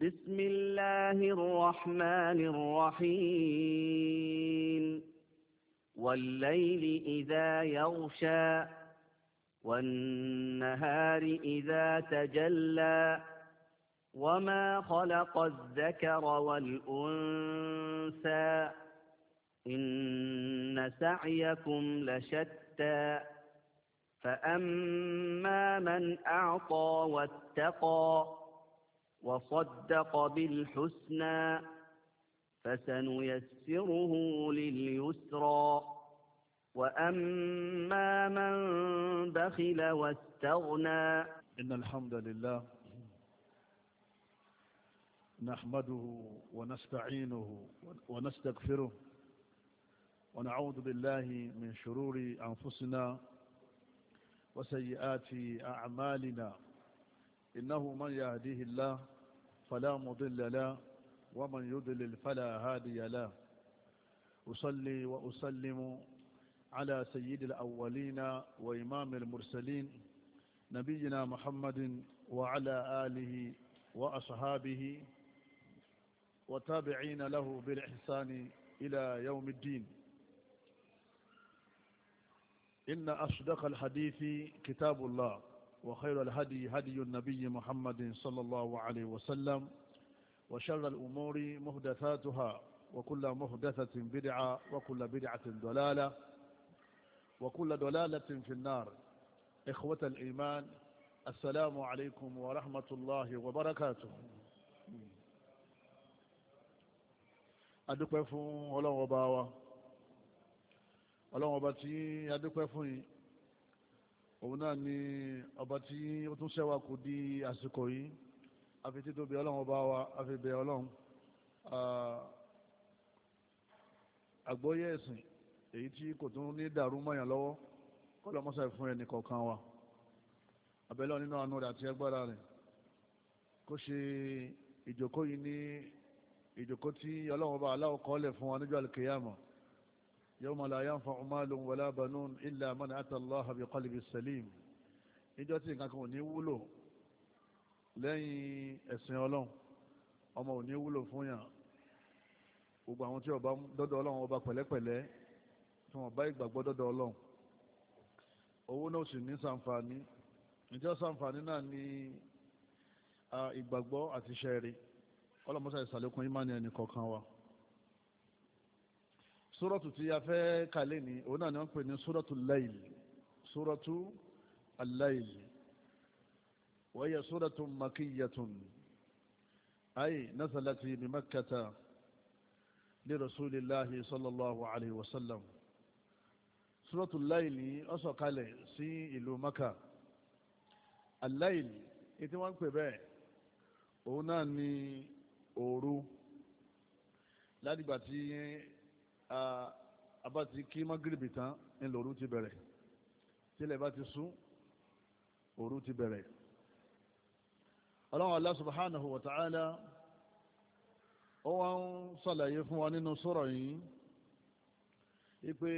بسم الله الرحمن الرحيم والليل إذا يغشى والنهار إذا تجلى وما خلق الذكر والأنثى إن سعيكم لشتى فأما من أعطى واتقى وصدق بالحسنى فسنيسره لليسرى وأما من بخل واستغنى إن الحمد لله نحمده ونستعينه ونستغفره ونعوذ بالله من شرور أنفسنا وسيئات أعمالنا إنه من يهديه الله فلا مضل له ومن يضلل فلا هادي له أصلي وأسلم على سيد الأولين وإمام المرسلين نبينا محمد وعلى آله وأصحابه وتابعين له بالإحسان إلى يوم الدين إن أصدق الحديث كتاب الله وخير الهدي هدي النبي محمد صلى الله عليه وسلم وشر الأمور مهدثاتها وكل مهدثة بدعة وكل بدعة دلالة وكل دلالة في النار إخوة الإيمان السلام عليكم ورحمة الله وبركاته adúpẹ́ fún ọlọ́run ọba wa ọlọ́run ọba tí òun náà ni ọba tí ó tún ṣẹ́wà kù di àsìkò yìí àfi títò ọlọ́run ọba wa àfi bẹ ọlọ́run àgbọ́yé ẹ̀sìn èyí tí kò tún ní dàrú mọ́yàn lọ́wọ́ kọ́lọ́mọ́sà fún ẹnì kọ̀ọ̀kan wa abẹ́lẹ́ nínú àánú rẹ̀ àti agbára rẹ̀ kó ṣe ìjókòó yìí ní ìjókòó tí ọlọ́run ọba aláwọ̀ kọ́lẹ̀ fún wa níjọ́ àlùkìyàmọ̀ يوم لا ينفع مال ولا بنون إلا man ata Allaha bi qalbin salim níjọ́ tí nǹkan kan أما ní wúlò lẹ́yìn ẹ̀sìn ọlọ́run ọmọ ò ní wúlò fún yàn gbogbo àwọn tí ọba dọ́dọ̀ ọlọ́run ọba pẹ̀lẹ́pẹ̀lẹ́ tí wọ́n bá ìgbàgbọ́ dọ́dọ̀ ọlọ́run owó náà sì ní sàǹfààní ìjọ sàǹfààní náà ní ìgbàgbọ́ àti iṣẹ́ rí ọlọ́mọṣà ìsàlẹ̀kùn ìmánì ẹnì wa súrọ́tù tí a fẹ́ kàlẹ́ ni òun náà ni wọ́n pè ní súrọ́tù al-Layl súrọ́tù al-Layl wa hiya súrọ́tù makiyyatun ay nazalat bi Makkata li Rasulillahi sallallahu alayhi wa sallam súrọ́tù al-Layl ó sọ̀kalẹ̀ sí ìlú Makkah al-Layl wọ́n pè bẹ́ẹ̀ òun náà ni òru ládìgbà tí àbá ti kí magrebi tán ní lòru ti bẹ̀rẹ̀ tílẹ̀ bá ti sún òru ti bẹ̀rẹ̀ ọlọ́run Allah subhanahu wa ta'ala ó wá ń sàlàyé fún wa nínú sọ̀rọ̀ yìí wípé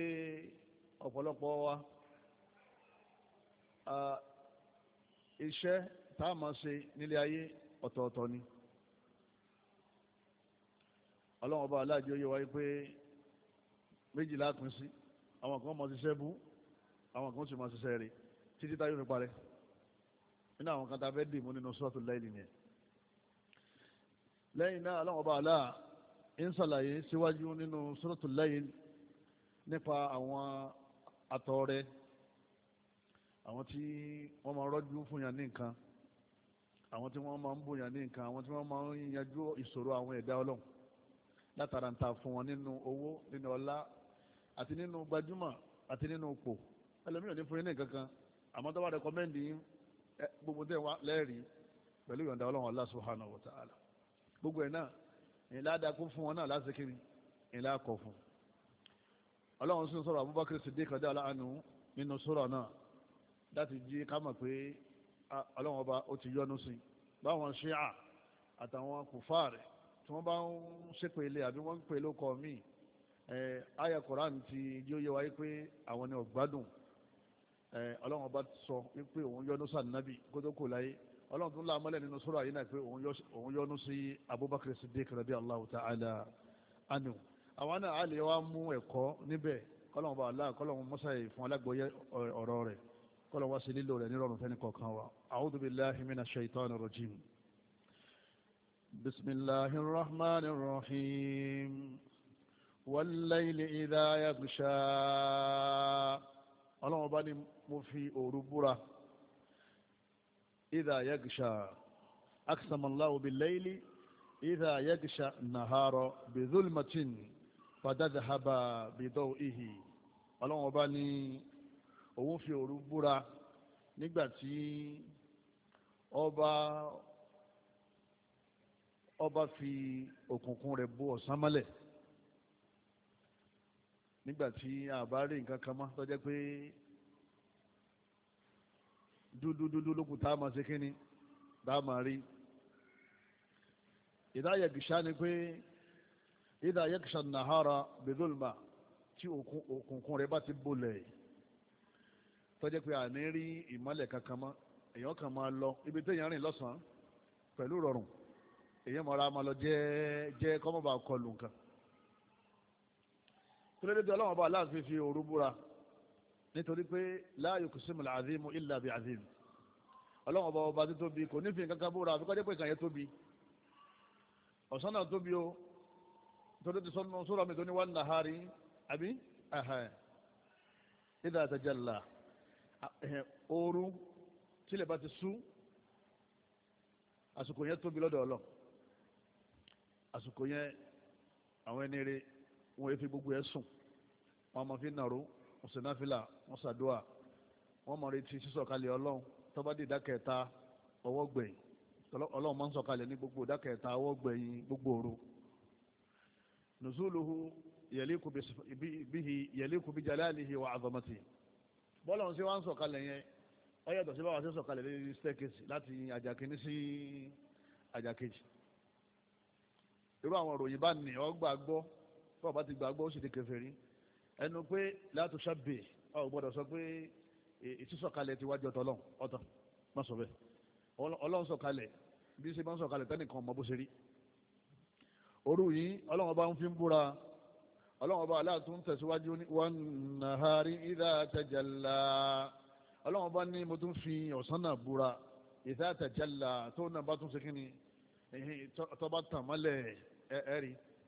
ọ̀pọ̀lọpọ̀ wa iṣẹ́ tá a máa ṣe nílé ayé ọ̀tọ̀ọ̀tọ̀ ni ọlọ́run ọba aláàjọ yẹ wáyé pé méjì lápin sí àwọn kan máa ṣiṣẹ́ bú àwọn kan sì máa ṣiṣẹ́ rẹ̀ títí táyọ̀ fi parẹ́ nínú àwọn kan tá a fẹ́ dì mú nínú sọ́ọ̀tù láìlì yẹn lẹ́yìn náà aláwọ̀ bá aláà ń ṣàlàyé síwájú nínú sọ́ọ̀tù láìlì nípa àwọn àtọrẹ àwọn tí wọ́n máa rọ́jú fún yàn ní nǹkan àwọn tí wọ́n máa ń bùyàn ní nǹkan àwọn tí wọ́n máa ń yanjú ìṣòro àwọn ẹ̀dá ọlọ́run látara ń ta fún wọn nínú owó nínú ọlá àti nínú gbajúmọ̀ àti nínú pò ẹlòmíràn ní fún yín ní kankan àmọ́ tó bá rẹkọmẹ́ndì yín gbogbo tẹ̀ wá lẹ́rìí pẹ̀lú ìyọ̀ǹda ọlọ́run Allah subhanahu wa ta'ala gbogbo ẹ̀ náà ìlà dákún fún wọn náà lásìkiri ìlà kọ̀ fún ọlọ́run sì ń sọ̀rọ̀ Abubakar Siddiq radiyallahu anhu nínú sura náà láti jí ká mọ̀ pé ọlọ́run ọba ó ti yọ́nú sí báwọn ṣíà àtàwọn kùfáà rẹ̀ tí wọ́n bá ń ṣépè ilé àbí wọ́n ń pè lóko míì aya koran ti yóò yẹ wáyé pé àwọn ni ọ̀gbádùn ọlọ́run ọba sọ wípé òun yọ́nú sí ànábì kótó kò láyé ọlọ́run tó ń la amọ́lẹ̀ nínú sura náà pé òun abubakar siddiq radiyallahu ta'ala anhu àwọn náà a lè wá mú ẹ̀kọ́ níbẹ̀ kọ́lọ́run ala aláà kọ́lọ́run mọ́sá yìí fún alágbóyé ọ̀rọ̀ rẹ̀ kọ́lọ́run wa a'udhu billahi wàlẹ́yìn ìdá yàgùṣà ọlọ́run bá ní mo fi òru búra ìdá yàgùṣà aksamallahu billayli ìdá yàgùṣà nàhárọ̀ bìzulmatin fàdádàhábà bìdọ́ ìhì ọlọ́run bá ní òun fi òru búra nígbà ọba ọba fi nígbà tí àbá rí nǹkan kan mọ́ tó jẹ́ pé dúdúdúdú lókun tá a máa ṣe kínní tá a máa rí ìdáyẹ̀ gìṣà ni pé ìdáyẹ̀ gìṣà nàhárà bìdólmà tí òkùnkùn rẹ̀ bá ti bolẹ̀ tó jẹ́ pé àní rí ìmọ́lẹ̀ kankan mọ́ èèyàn kan máa lọ ibi téèyàn rìn lọ́sàn-án pẹ̀lú rọrùn èèyàn mọ̀ra máa lọ jẹ́ jẹ́ kọ́mọ́bà kọlù nǹkan kúlódé tó ọlọ́wọ́n bá aláàfin fi òru búra nítorí pé la yuqsimul azimu illa bi azim ọlọ́wọ́n bá ọba tó tóbi kò nífin kankan búra àfikọ́ dé pé kàn yẹn tóbi ọ̀sán náà tóbi o torí ti sọ́nù sọ́rọ̀ mi tó ní wà nàhárí àbí ìdá àtàjàlá ooru tílẹ̀ bá ti sú àsìkò yẹn tóbi lọ́dọ̀ ọlọ́ àsìkò yẹn àwọn ẹni rẹ̀ wọ́n fi gbogbo ẹ̀ sùn wọ́n máa fi nàró wọ́n sì náà fìlà wọ́n ṣàdúà wọ́n máa retí sísọ̀kalẹ̀ ọlọ́run tó bá di ọwọ́ gbẹ̀yìn ọlọ́run máa ń sọ̀kalẹ̀ ní gbogbo ìdákẹ́ta ọwọ́ gbẹ̀yìn gbogbo òru nùzúlùhù yẹ̀líkù bíhi wà azamati bọ́lá ń ṣe wá ń sọ̀kalẹ̀ yẹn ọ yàtọ̀ sí báwa ṣe sọ̀kalẹ̀ bọ́ọ̀ bá ti gbàgbọ́ ó sì ti kèfèrí ẹnu pé látò sábè ọ̀ gbọ́dọ̀ sọ pé ìsísọ̀kalẹ̀ ti wájú ọ̀tọ̀ ọlọ́run ọ̀tọ̀ má sọ bẹ́ẹ̀ ọlọ́run sọ̀kalẹ̀ bí ṣe máa ń sọ̀kalẹ̀ tẹ́nìkan ọmọ bó ṣe rí òru yìí ọlọ́run ọba ń fi ń búra ọlọ́run ọba aláàtú ń tẹ̀síwájú wan nahari idha tajalla ọlọ́run ọba ní mo tún fi ọ̀sán náà búra idha tajalla tó náà bá tún ṣe kí ni tó bá tàn mọ́lẹ̀ ẹ̀rí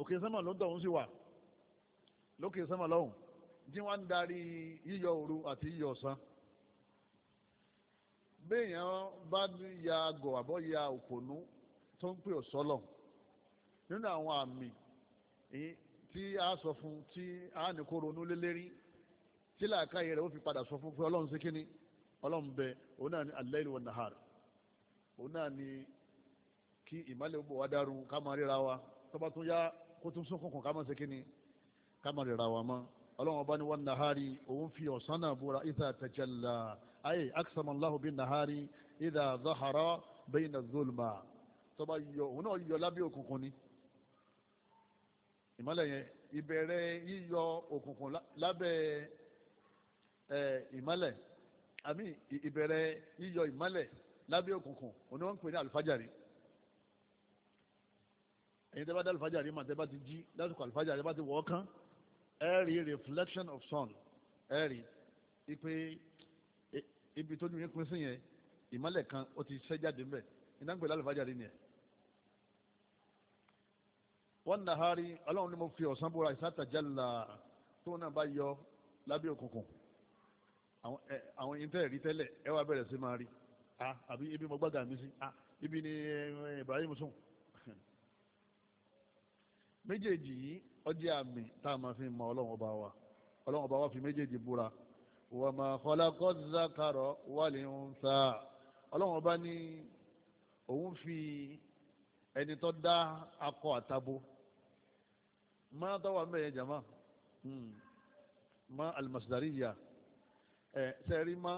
òkè sẹ́mà ló ń tọ̀hún sí wà lókè sẹ́mà lọ́hùn tí wọ́n ń darí yíyọ òru àti yíyọ ọ̀sán béèyàn bá ya agọ̀ àbọ̀ ya òpònú tó ń pè ọ̀sọ́lọ̀ nínú àwọn àmì tí a sọ fún tí a ní kó ronú lélẹ́rí tí làákàyè rẹ̀ ó fi padà sọ fún pé ọlọ́run sí kíní ọlọ́run bẹ òun náà ni al-layl wa nahar òun náà ni kí ìmálẹ̀ gbogbo wa dárú ká máa ríra wa tó tún yá kó tún sún kọkàn ká má ṣe kí ni ká má rira wa mọ́ ọlọ́run ọba ní wọn nàhárì òun fi ọ̀sán náà búra ìta tajalla ayé aksamallahu bin nàhárì ìdá zahara bayna zulma tọba yọ òun náà yọ lábẹ́ òkùnkùn ni ìmọ́lẹ̀ yẹn ìbẹ̀rẹ̀ yíyọ òkùnkùn lábẹ́ ìmọ́lẹ̀ àmì ìbẹ̀rẹ̀ yíyọ ìmọ́lẹ̀ lábẹ́ òkùnkùn òun ni wọ́n ń pè ní àlùfájàrí ẹ̀yin tẹ́ bá dá alifájà rí màá tẹ́ bá ti jí lásìkò alifájà tẹ́ bá ti wọ̀ kán ẹ reflection of sun ẹ rí e, ibi tó ní pín sí yẹn ìmọ̀lẹ̀ kan ó ti ṣẹ́ jáde ńbẹ̀ iná ń pè lálùfájà rí nìyẹn. wọ́n nà hárí ọlọ́run ni mo fi ọ̀sán bóra ìsátàjà là tó náà bá yọ lábẹ́ òkùnkùn àwọn ìtẹ́ rí tẹ́lẹ̀ ẹ wá bẹ̀rẹ̀ sí máa rí ah, àbí ibi mo gbàgà mi sí ah, ibi ni eh, Ibrahim sùn méjèèjì yìí ọjẹ́ àmì tá a máa fi mọ ọlọ́run ọba wa ọlọ́run ọba wa fi méjèèjì búra wa ma khalaqa zakara wal unsa ọlọ́run ọba ní òun fi ẹni tó dá akọ àtabo má tọ́wọ́ mẹ́yẹn jama hmm. má almasdariya ẹ sẹ́rí má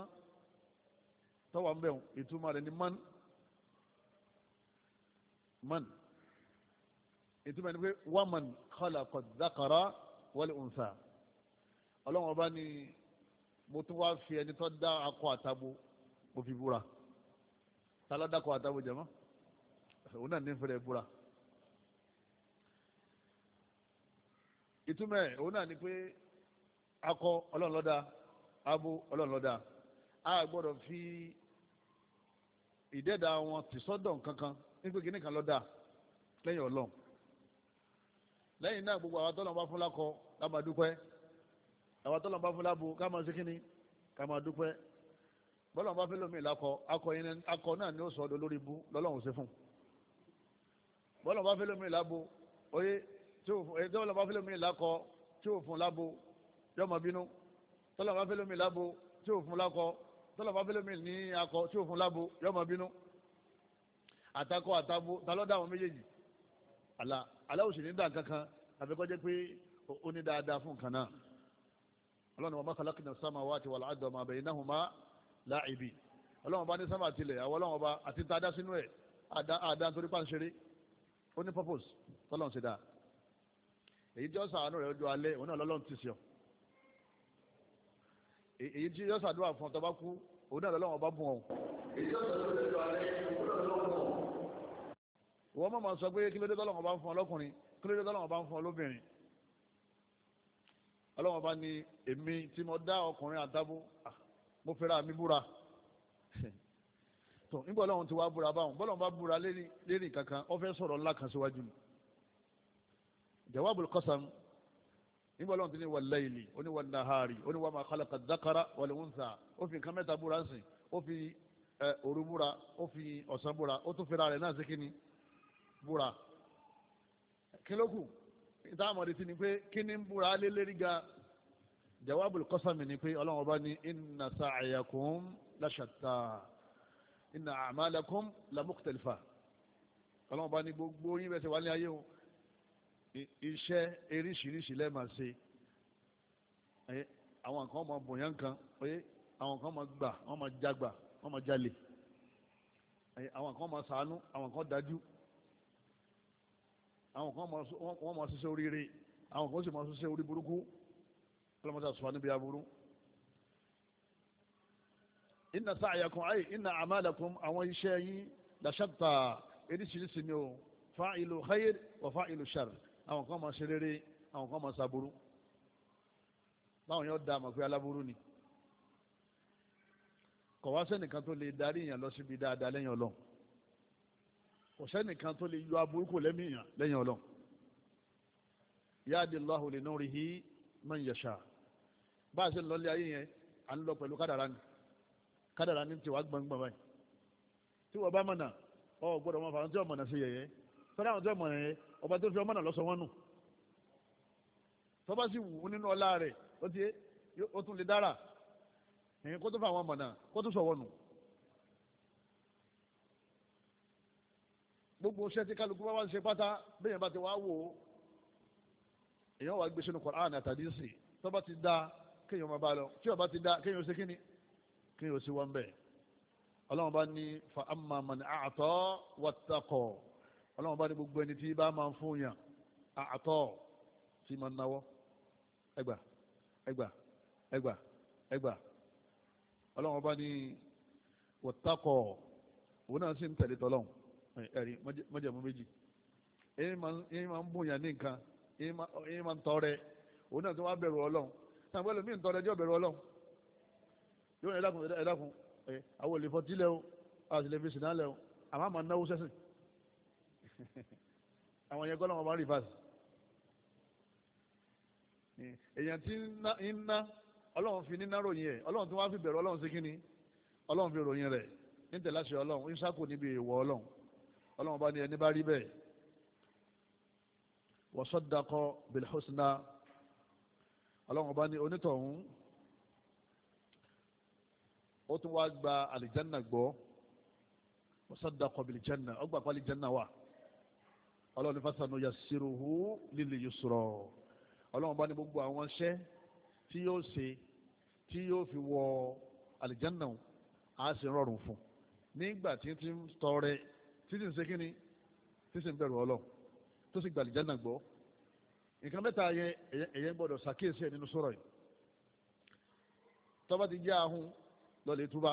tọ́wọ́ mẹ́wọ̀n ìtumọ̀ rẹ̀ ni man man ìtumọ̀ ni pé waman khalaqa dhakara wal unsa ọlọ́run ọba ni mo tún wáá fi ẹni tó dá akọ àtabo mo fi búra ta ló dákọ àtabo jẹ̀mọ́ òun náà ní fẹrẹ búra ìtumọ̀ òun náà ni pé akọ ọlọ́run ló abo ọlọ́run ló a gbọ́dọ̀ fi ìdẹ́dà wọn tìsọ́dọ̀ kankan nígbè kínní lẹ́yìn ọlọ́run lẹ́yìn náà gbogbo àwọn tọ́lọ̀ bá fún lákọ ká máa dúpẹ́ àwọn tọ́lọ̀ bá fún lábo ká máa ṣe kíni ká máa dúpẹ́ bọ́lọ̀ bá fẹ́ lómi ìlàkọ akọ náà ni ó sọ ọdọ lórí ibú lọ́lọ́run ṣe fún bọ́lọ̀ bá fẹ́ lómi ìlàbo oyé eh, tọ́lọ̀ bá fẹ́ lómi ìlàkọ tí ò fún lábo yọ máa bínú tọ́lọ̀ bá fẹ́ lómi ìlàbo tí ò fún lákọ tọ́lọ̀ bá fẹ́ lómi ní akọ tí ò fún lábo yọ máa bínú àtakọ àtabo talọ́dà àwọn méjèèjì Allah aláwọ̀ sì ní dà kankan àfikọ́ jẹ́ pé ó ní dáadáa fún kan náà ọlọ́run wa ma khalaqna samawati wal arda wa ma baynahuma la'ibin ọlọ́run ọba ní sábà tilẹ̀ àwọn ọlọ́run ọba àti tá a dá sínú ẹ̀ àdá nítorí pàṣẹrí ó ní purpose tọ́lọ́run ṣe dáa èyí tí ó sàánú rẹ̀ ojú alẹ́ òun náà lọ́lọ́run ti sọ èyí tí ó sàdúrà fún ọ bá kú òun náà lọ́lọ́run ọba bùn ọ ìwọ́n mọ̀ máa sọ pé kí ló dé tọ́lọ́wọ́n bá ń fún ọ lọ́kùnrin kí ló dé tọ́lọ́wọ́n bá ń fún ọ lóbìnrin ọlọ́wọ́n bá ní èmi tí mo dá ọkùnrin àtàbó ah, mo fẹ́ra mi búra tó nígbà ọlọ́run ti wá búra báwọn bọ́lọ́run bá búra lérí kankan ọ fẹ́ sọ̀rọ̀ ńlá kan síwájú ni jawabul qasam nígbà ọlọ́run ti ní wal layli ó ní wal nahari ó ní wa ma khalaqa ó fi nǹkan mẹ́ta búra sìn ó fi òru búra ó fi ọ̀sán búra ó tún fẹ́ra rẹ̀ náà sí kínní búra kí ló kù ìtààmọ̀dé ti ni pé kí ni ń búra lé lérí ga jawabul qasami ni pé ọlọ́run ọba ní inna sa'yakum la shatta inna a'malakum la mukhtalifa ọlọ́run ọba ní gbogbo yín bẹ́sẹ̀ wálé ayé o iṣẹ́ eríṣiríṣi lẹ́ẹ̀ma ṣe àwọn kan máa bòyán kan àwọn kan máa gbà wọ́n máa jagbà wọ́n máa jalè àwọn kan máa ṣàánú àwọn kan dájú àwọn kan wọ́n máa ṣiṣẹ́ oríire àwọn kan sì máa ṣiṣẹ́ orí burúkú ọlọ́mọdé sọ níbi aburú inna sa'yakum ay inna a'malakum àwọn iṣẹ́ yín la shatta eríṣiríṣi ni o fa'ilu khair wa fa'ilu shar àwọn kan máa ṣe rere àwọn kan máa ṣàbúrú báwọn yóò dá àmọ̀ pé ni kọ̀wá sẹ́nìkan tó lè darí èèyàn lọ síbi dáadáa lẹ́yìn ọlọ́run kò sẹ́nìkan tó lè yọ aburúkú lẹ́mìíyàn lẹ́yìn ọlọ́run yáàdì Allahu li nurihi man yasha bá a ṣe ń lọ lé ayé yẹn à ń lọ pẹ̀lú kádàrá ni kádàrá ni tiwa gbọ̀ngbọ̀n báyìí tí wọ́n bá mọ̀nà ọ gbọ́dọ̀ wọn fàáwọn tí wọ́n mọ̀nà sí yẹ̀yẹ́ tọ́lá àwọn tí wọ́n mọ̀nà yẹn ọba tó fi ọmọ náà lọ́sọ̀ wọn nù tọ́ba sì wù nínú ọlá rẹ̀ ó tún lè dára kó tó fà wọn mọ̀nà kó tó sọ wọn nù gbogbo iṣẹ́ tí kálukú bá wá ń ṣe pátá bẹ́ẹ̀ bá ti wá wò ó èèyàn wà gbé sínú Qur'an àtàdé sí tó bá ti da kéèyàn máa bá lọ tí ó bá ti da kéèyàn ṣe kíni kéèyàn ṣe wọn bẹ́ẹ̀ ọlọ́run bá ní fa amma man a'ta wattaqa ọlọ́run bá ní gbogbo ẹni tí bá máa ń fún yàn a'ta tí máa ń náwọ́ ẹgbà ẹgbà ẹgbà ẹgbà ọlọ́run bá ní wattaqa òun náà sì ń tẹ̀lé tọ́lọ́run ẹ̀rí mọ́jẹ̀mú méjì èyí máa ń bóyá ní nǹkan èyí máa ń tọrẹ òun náà tó wá bẹ̀rù ọlọ́run sàǹgbẹ́ lómi ń tọrẹ jọ bẹ̀rù ọlọ́run yóò ẹ dákun ẹ dákun ẹ àwọn olè fọtí lẹ o a sì lè fi sìn náà lẹ o àmọ́ àmọ́ náwó sẹ́sìn àwọn yẹn kọ́lọ́ wọn bá rí fásitì èèyàn tí ń ná ọlọ́run fi níná ròyìn ẹ̀ ọlọ́run tó wá fi bẹ̀rù ọlọ́run sí kínni ọlọ́run fi ròyìn rẹ̀ ní tẹ̀láṣẹ ọlọ́run ìṣàkó níbi ìwọ ọlọ́run ọlọ́run bá ní ẹni bá rí bẹ́ẹ̀ wa saddaqa bil husna ọlọ́run bá ní onítọ̀hún ó tún wá gba àlìjánà gbọ́ wa saddaqa bil janna ọgbà pa àlìjánà wà ọlọ́run ní fasanu yassiruhu lil yusra ọlọ́run bá ní gbogbo àwọn iṣẹ́ tí yóò ṣe tí yóò fi wọ àlìjánà á sì rọrùn fún nígbà tí ń ti tọrẹ títí ń ṣe kí ni títí ń bẹ̀rù ọlọ́run tó sì gbàlìjà náà gbọ́ nǹkan mẹ́ta yẹn èyẹ gbọ́dọ̀ ṣàkíyèsí ẹ̀ nínú sọ̀rọ̀ yìí tọ́ba ti jẹ́ ahun lọ́lẹ̀ túbá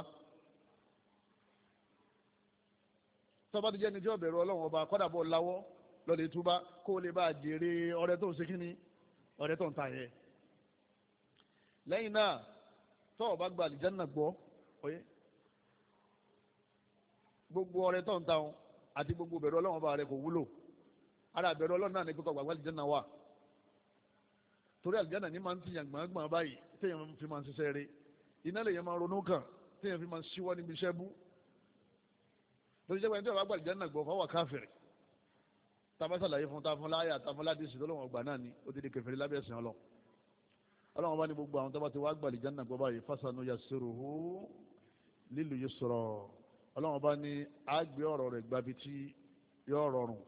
tọ́ba ti jẹ́ ẹni tí ó bẹ̀rù ọlọ́run ọba kọ́dà bọ́ láwọ́ lọ́lẹ̀ túbá kó o lè bá jèrè ọ̀rẹ́ tó ń ṣe kí ni ọ̀rẹ́ tó ń ta yẹn lẹ́yìn náà tọ́ ọba gba àlìjáná gbọ́ gbogbo ọ̀rẹ́ tó ń ta wọn àti gbogbo bẹ̀rù ọlọ́run ọba rẹ kò wúlò ara bẹ̀rù ọlọ́run náà ní pípa gbàgbà àlìjánà wà torí àlìjánà ní máa ń tiyàn gbọ̀ngbọ̀n báyìí téèyàn fi máa ń ṣiṣẹ́ rẹ iná lèyàn máa ronú kàn téèyàn fi máa ń ṣíwọ́ níbi iṣẹ́ bú lórí jẹ́ pé ẹni tí wọ́n bá gbà àlìjánà gbọ́ fáwọn káfíìrì tabasalaye fún tafun láyà tafun ládìsí lọ́lọ́wọ́n ọgbà náà ni ó ọlọ́run bá ní àgbé ọ̀rọ̀ rẹ̀ gbabi tí yóò rọrùn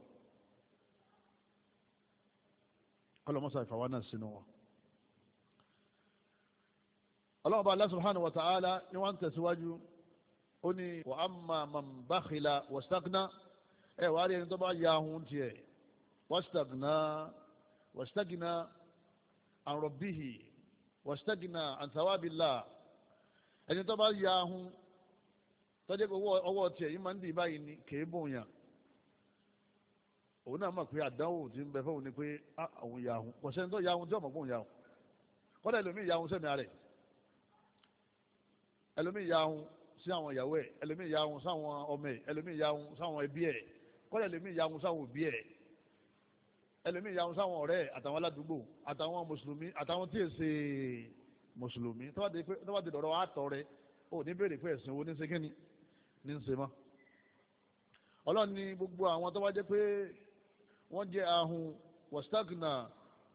ọlọ́mọsá ìfàwa náà sínú wọn. ọlọ́run bá Allah subhanahu wa ta'ala ni wọ́n ń tẹ̀síwájú ó ní wa amma man bakhila wastagna ẹ̀ wá rí ẹni tó bá ya ahun tiẹ̀ wastagna wastagna an rabbihi wastagna ẹni tó bá ya ahun tọ́jú pé ọwọ́ tiẹ̀ yìí máa ń dì báyìí ni kèé bòyàn òun náà mọ̀ pé àdánwò ti ń bẹ fóun ni pé àwọn ah, ìyá òun kò sẹ́ni tó ya òun tí ọmọ gbóhùn ya òun kọ́dà ẹlòmíì ya òun sẹ́mi rẹ̀ ẹlòmíì ya òun sí àwọn ìyàwó ẹ̀ ẹlòmíì ya òun sáwọn ọmọ ẹ̀ ẹlòmíì ya òun sáwọn ẹbí ẹ̀ kọ́dà ẹlòmíì ya òun sáwọn òbí ẹ̀ ẹlòmíì ya òun sáwọn ọ̀rẹ́ ẹ̀ àtàwọn aládùúgbò àtàwọn mùsùlùmí àtàwọn tí èsè mùsùlùmí tó bá ti àtọ̀ rẹ̀ ò ní béèrè pé ẹ̀sìn wo ní ṣe ní ń ṣe mọ́ ọlọ́run ni gbogbo àwọn tó wá jẹ́ pé wọ́n jẹ́ ahun wọ́stágìnà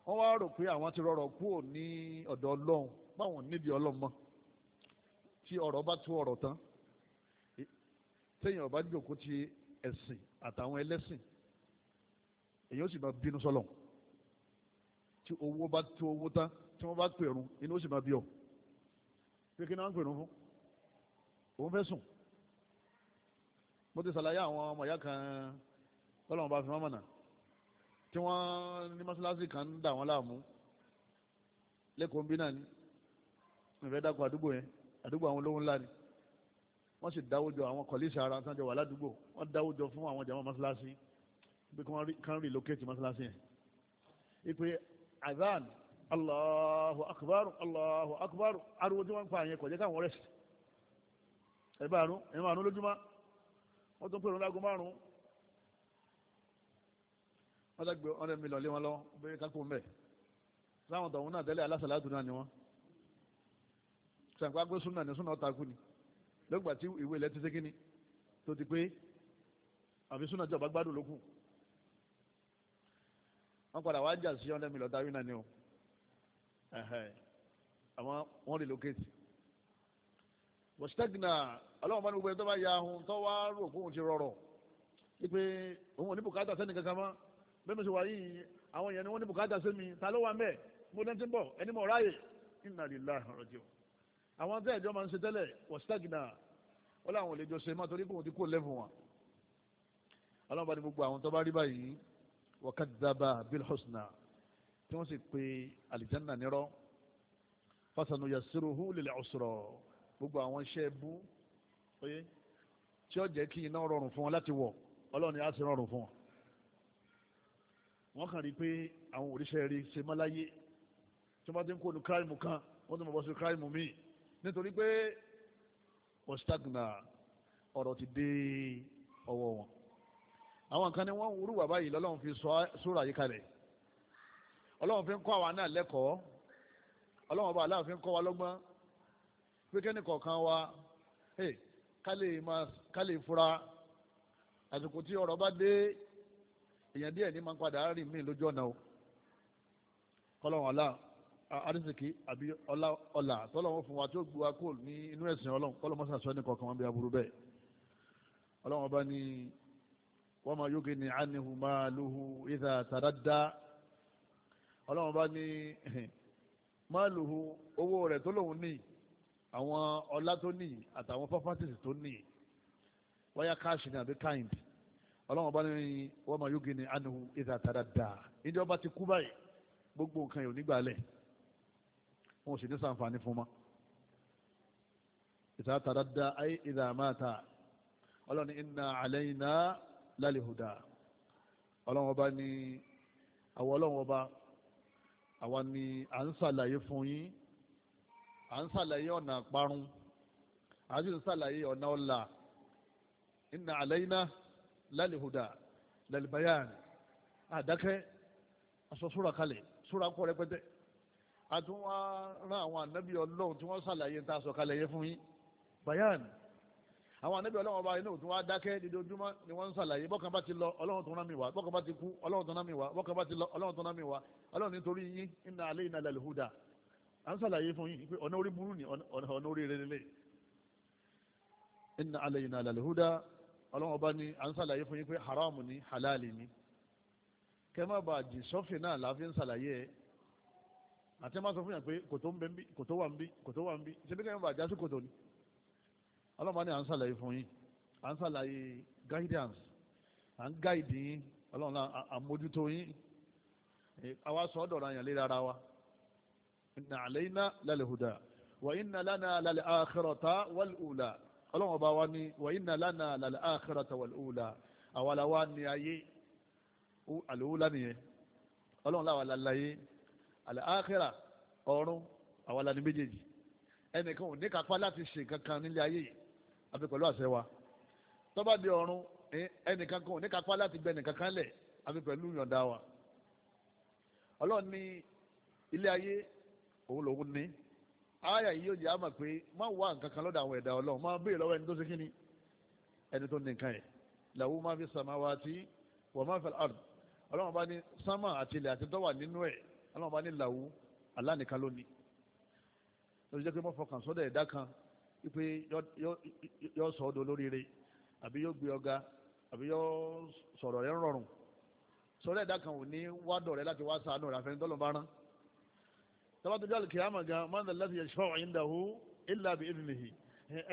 wọ́n wá rò pé àwọn ti rọrọ̀ kúrò ní ọ̀dọ̀ ọlọ́run báwọn nídìí ọlọ́run mọ́ tí ọ̀rọ̀ bá tó ọ̀rọ̀ tán téèyàn bá jòkó ti ẹ̀sìn àtàwọn ẹlẹ́sìn èyàn sì máa bínú sọ́lọ̀ tí owó bá tó owó tán tí wọ́n bá pèrún inú ó sì máa bí ọ pé kí ni wọ́n pèrún fún òun fẹ́ sùn mo ti ṣàlàyé àwọn ọmọ ìyá kan tọ́lọ́wọ́n bá fi wọ́n mọ̀nà tí wọ́n ní mọ́ṣáláṣí kan ń dà wọ́n láàmú lẹ́kọ̀ọ́ ń bí náà ni ìfẹ́ dákọ̀ àdúgbò yẹn àdúgbò àwọn olówó ńlá ni wọ́n sì dáwójọ àwọn kọ̀líṣà ara tán jọ wà ládùúgbò wọ́n dáwójọ fún àwọn jàmọ́ mọ́ṣáláṣí bí wọ́n kàn rí lókèétì mọ́ṣáláṣí yẹn ìpè azan Allahu akbar Allahu akbar ariwo tí wọ́n ń pa àyẹn kọ̀jẹ́ káwọn rẹ̀ ẹ̀ bá àrùn ẹ̀ máa wọ́n tún pèrò lágùn márùn-ún wọ́n dàgbé ọ̀rẹ́ mi lọ́lé wọn lọ bẹ́ẹ̀ kákó mẹ́ láwọn tọ̀hún náà tẹ́lẹ̀ alásàlátù náà ni wọ́n sàǹkó agbésùn náà ní súnà ọ̀tà kú ni lọ́gbà tí ìwé ilẹ̀ ti ṣe kíni tó ti pé àfi súnà jọba gbádùn lókù wọ́n padà wá jà sí ọ̀rẹ́ mi lọ́tà rí náà ni o àwọn wọ́n relocate wọ́sítẹ́gìnà ọlọ́run bá ní gbogbo ẹni tó bá ya ahun tó wá rò fóun ti rọrọ̀ wípé òun ò ní bùkátà sẹ́ni kankan mọ́ bẹ́ẹ̀ mi ṣe wà yìí àwọn èèyàn ni wọ́n ní bùkátà sí mi ta ló wà mẹ́ẹ̀ mo ní ti ń bọ̀ ẹni mọ̀ ráyè inna lillahi raji'un àwọn tẹ́ ẹ̀jọ́ máa ń ṣe tẹ́lẹ̀ wọ́sítẹ́gìnà wọ́n láwọn jọ ṣe má torí kóun ti kó lẹ́fún wa ọlọ́run bá ní gbogbo àwọn tó bá rí báyìí wa kadhaba bil tí wọ́n sì pe àlìjánnà nírọ́ fasanu yasiruhu lil usra gbogbo àwọn iṣẹ́ ẹbú oyé tí ó jẹ́ kí iná rọrùn fún wọn láti wọ̀ ọlọ́run á sì rọrùn fún wọn. wọ́n kàn rí i pé àwọn òrìṣẹ́ rí ṣe máláyé tí wọ́n bá ti ń kó nu kíráìmù kan wọ́n ti mọ̀ bọ́ sí kíráìmù míì nítorí pé ọ̀sítàgùnà ọ̀rọ̀ ti dé ọwọ́ wọn. àwọn kan ní wọ́n ń rúwà báyìí lọ́lọ́run fi sóra yìí kalẹ̀ ọlọ́run fi ń kọ́ àwa náà lẹ́kọ̀ọ́ ọlọ́run ọba aláàfin kọ́ wa lọ́gbọ́n pé kẹ́ni kọ̀ọ̀kan wa ká lè fura àsìkò tí ọ̀rọ̀ bá dé èèyàn díẹ̀ ní máa ń padà rìn mí lójú ọ̀nà o kọ́lọ́wọ́n ọ̀la arísìkí àbí ọ̀la ọ̀la tọ́lọ́wọ́n fún wa tí ó gbu akó ní inú ẹ̀sìn ọlọ́run kọ́lọ́wọ́n sàṣọ ẹni wọn bí aburú bẹ́ẹ̀ ọlọ́wọ́n bá ní wọ́n máa yóge ní anihu máa lóhu ìdá tàdádá ọlọ́wọ́n bá ní máa lóhu owó rẹ̀ tó lóun níyì àwọn ọlá tó ní àtàwọn fọ́fátìsì tó ní wáyà káàṣì ní àbí kind ọlọ́run bá ní wọ́n máa yógi ní anu ìdá tara dà ìjọba ti kú báyìí gbogbo nǹkan yóò nígbàlẹ̀ wọn ò sì ní sàǹfààní fún ma ìdá tara dà ayé ìdá máa ta ọlọ́run iná àlẹ́yìnà lálẹ́ hùdà ọlọ́run bá ní àwọn ọlọ́run ọba àwa ni à ń sàlàyé fún yín à ń sàlàyé ọ̀nà parun à sì ń sàlàyé ọ̀nà ọ̀la inna alayna lálẹ́hùdà lálẹ́bàyàn àdákẹ́ aṣọ súra kalẹ̀ súra kọ́ rẹpẹtẹ àtún wá rán àwọn ànábì ọlọ́run tí wọ́n sàlàyé ń ta aṣọ kalẹ̀ yẹ fún yín bayan àwọn ànábì ọlọ́run ọba inú tí wọ́n dákẹ́ dídójúmọ́ ni wọ́n ń sàlàyé bọ́kan bá ti lọ ọlọ́run tó rán mi wá bọ́kan bá ti kú ọlọ́run tó rán mi wá bọ́kan bá ti lọ ọlọ́run tó rán mi wá ọlọ́run nítorí yín inna alayna lálẹ́hùdà à ń sàlàyé fún yín pé ọ̀nà orí burú ni ọ̀nà orí rere lè inna alayna na ọlọ́wọ́n bá ní à ń sàlàyé fún yín haram ni halali ni kẹ́ má bàa jì sọ́fìn náà láfi sàlàyé ati àti sọ fún yàn pé kòtò ń bẹ ń kòtò wà ń kòtò wà ni ọlọ́wọ́n bá ní à ń sàlàyé fún yín à ń sàlàyé guidance à ń inna علينا lálẹ́hùdá wa لنا lana lálẹ́ akhirata wal-ula لنا ọba wa ni wa inna lana lálẹ́ akhirata wal-ula àwa la wa ni ayé àlòwúlá nìyẹn ọlọ́run láwa la láyé àlẹ́ akhira ọ̀run àwa la ni méjèèjì ẹnìkan ò ní kápá láti ṣe kankan nílé ayé yìí àfi pẹ̀lú àṣẹ wa tó bá di ọ̀run ẹnìkan kan ò ní kápá láti gbẹ ẹnìkan kan lẹ̀ àfi pẹ̀lú yọ̀ǹda wa ọlọ́run ilé ayé òun lòun ní aya yìí yóò jẹ́ àmà pé má wá nǹkan kan lọ́dọ̀ àwọn ẹ̀dá ọlọ́run má béèrè lọ́wọ́ ẹni tó ṣe kíni ẹni tó ní nǹkan yẹn làwọn máa fi samawati wa ma fil ard ọlọ́run bá ní sámà àti ilẹ̀ àti tọ́wà nínú ẹ̀ ọlọ́run bá ní làwọn alánìkan ló ní lórí jẹ́ pé wọ́n fọkàn sọ́dọ̀ ẹ̀dá kan wípé yọ sọ ọdọ lóríire àbí yóò gbé ọ̀gá àbí yọ sọ̀rọ̀ rẹ̀ ń rọrùn sọ́dọ̀ ẹ̀dá kan ò ní wádọ̀ rẹ̀ láti wá sáà náà ràfẹ́ ń tọ́lọ́ bá rán tọ́ba tó jáde kìámà gan man dhal ladhi yashfa'u 'indahu illa bi idhnihi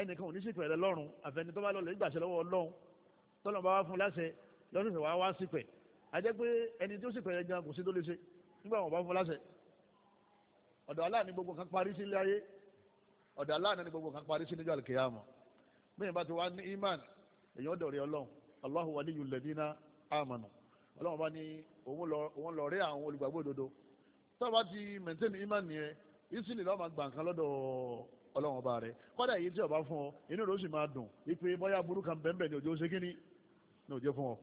ẹnìkan ò ní sípẹ̀ rẹ lọ́rùn àfẹni tọ́ba lọ́lẹ̀ ìgbàṣẹ lọ́wọ́ ọlọ́run tọ́lọ̀ bá wá fún láṣẹ lọ́sùn ìwà wá sípẹ̀ àjẹ́ pé ẹni tó sípẹ̀ rẹ gan kò sí tó lè ṣe nígbà wọn bá fún láṣẹ ọ̀dọ̀ Allah ni gbogbo kan parí sí ilé ayé ọ̀dọ̀ Allah gbogbo kan parí sí tọ́ba ti maintain imani yẹn ìsìlè lọ́ọ́ máa gbà nǹkan lọ́dọ̀ ọlọ́run ọba rẹ̀ kọ́dà èyí tí ọba fún ọ inú rẹ̀ ó sì máa dùn ipe bọ́yá burú kan bẹ́ẹ̀ ni òjò ṣe kíní ní òjò fún ọ.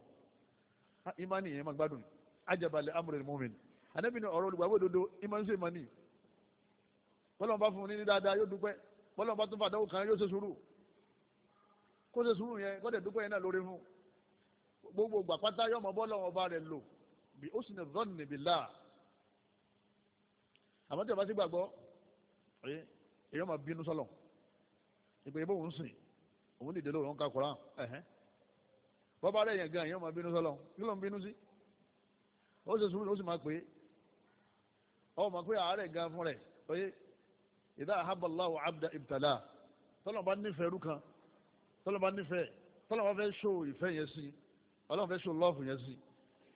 imani yẹn máa gbádùn ajabalẹ̀ amúrẹ̀ mọ́mìn anábì ní ọ̀rọ̀ olùgbàgbọ́ òdodo imani ṣe imani bọ́lọ́mọba fún un ní dáadáa yóò dúpẹ́ bọ́lọ́mọba tó fàdánwò kan yóò ṣe sùúrù kó ṣe sùúrù yẹn kọ́dà dúpẹ́ yẹn náà lórí fún gbogbo gbàpátá yọmọ bọ́lọ́mọba rẹ̀ lò bí ó sì ní zọ́ọ̀nì bìlá àmọ́ tí a bá ti gbàgbọ́ èèyàn máa bínú sọ́lọ̀ ìpè ìbò òun sìn òun dìde lóòrùn ká Kùránì bọ́bá rẹ̀ yẹn gan èèyàn máa bínú sọ́lọ̀ kí ló ń bínú sí ó sì sùúrù ó sì máa pè é ọ mọ̀ pé àárẹ̀ gan fún rẹ̀ oyé ìdá ahaballahu abda ibtala tọ́lọ̀ bá nífẹ̀ẹ́ rú kan tọ́lọ̀ bá nífẹ̀ẹ́ tọ́lọ̀ bá fẹ́ ṣó ìfẹ́ yẹn sí ọlọ́run fẹ́ ṣó lọ́ọ̀fù yẹn sí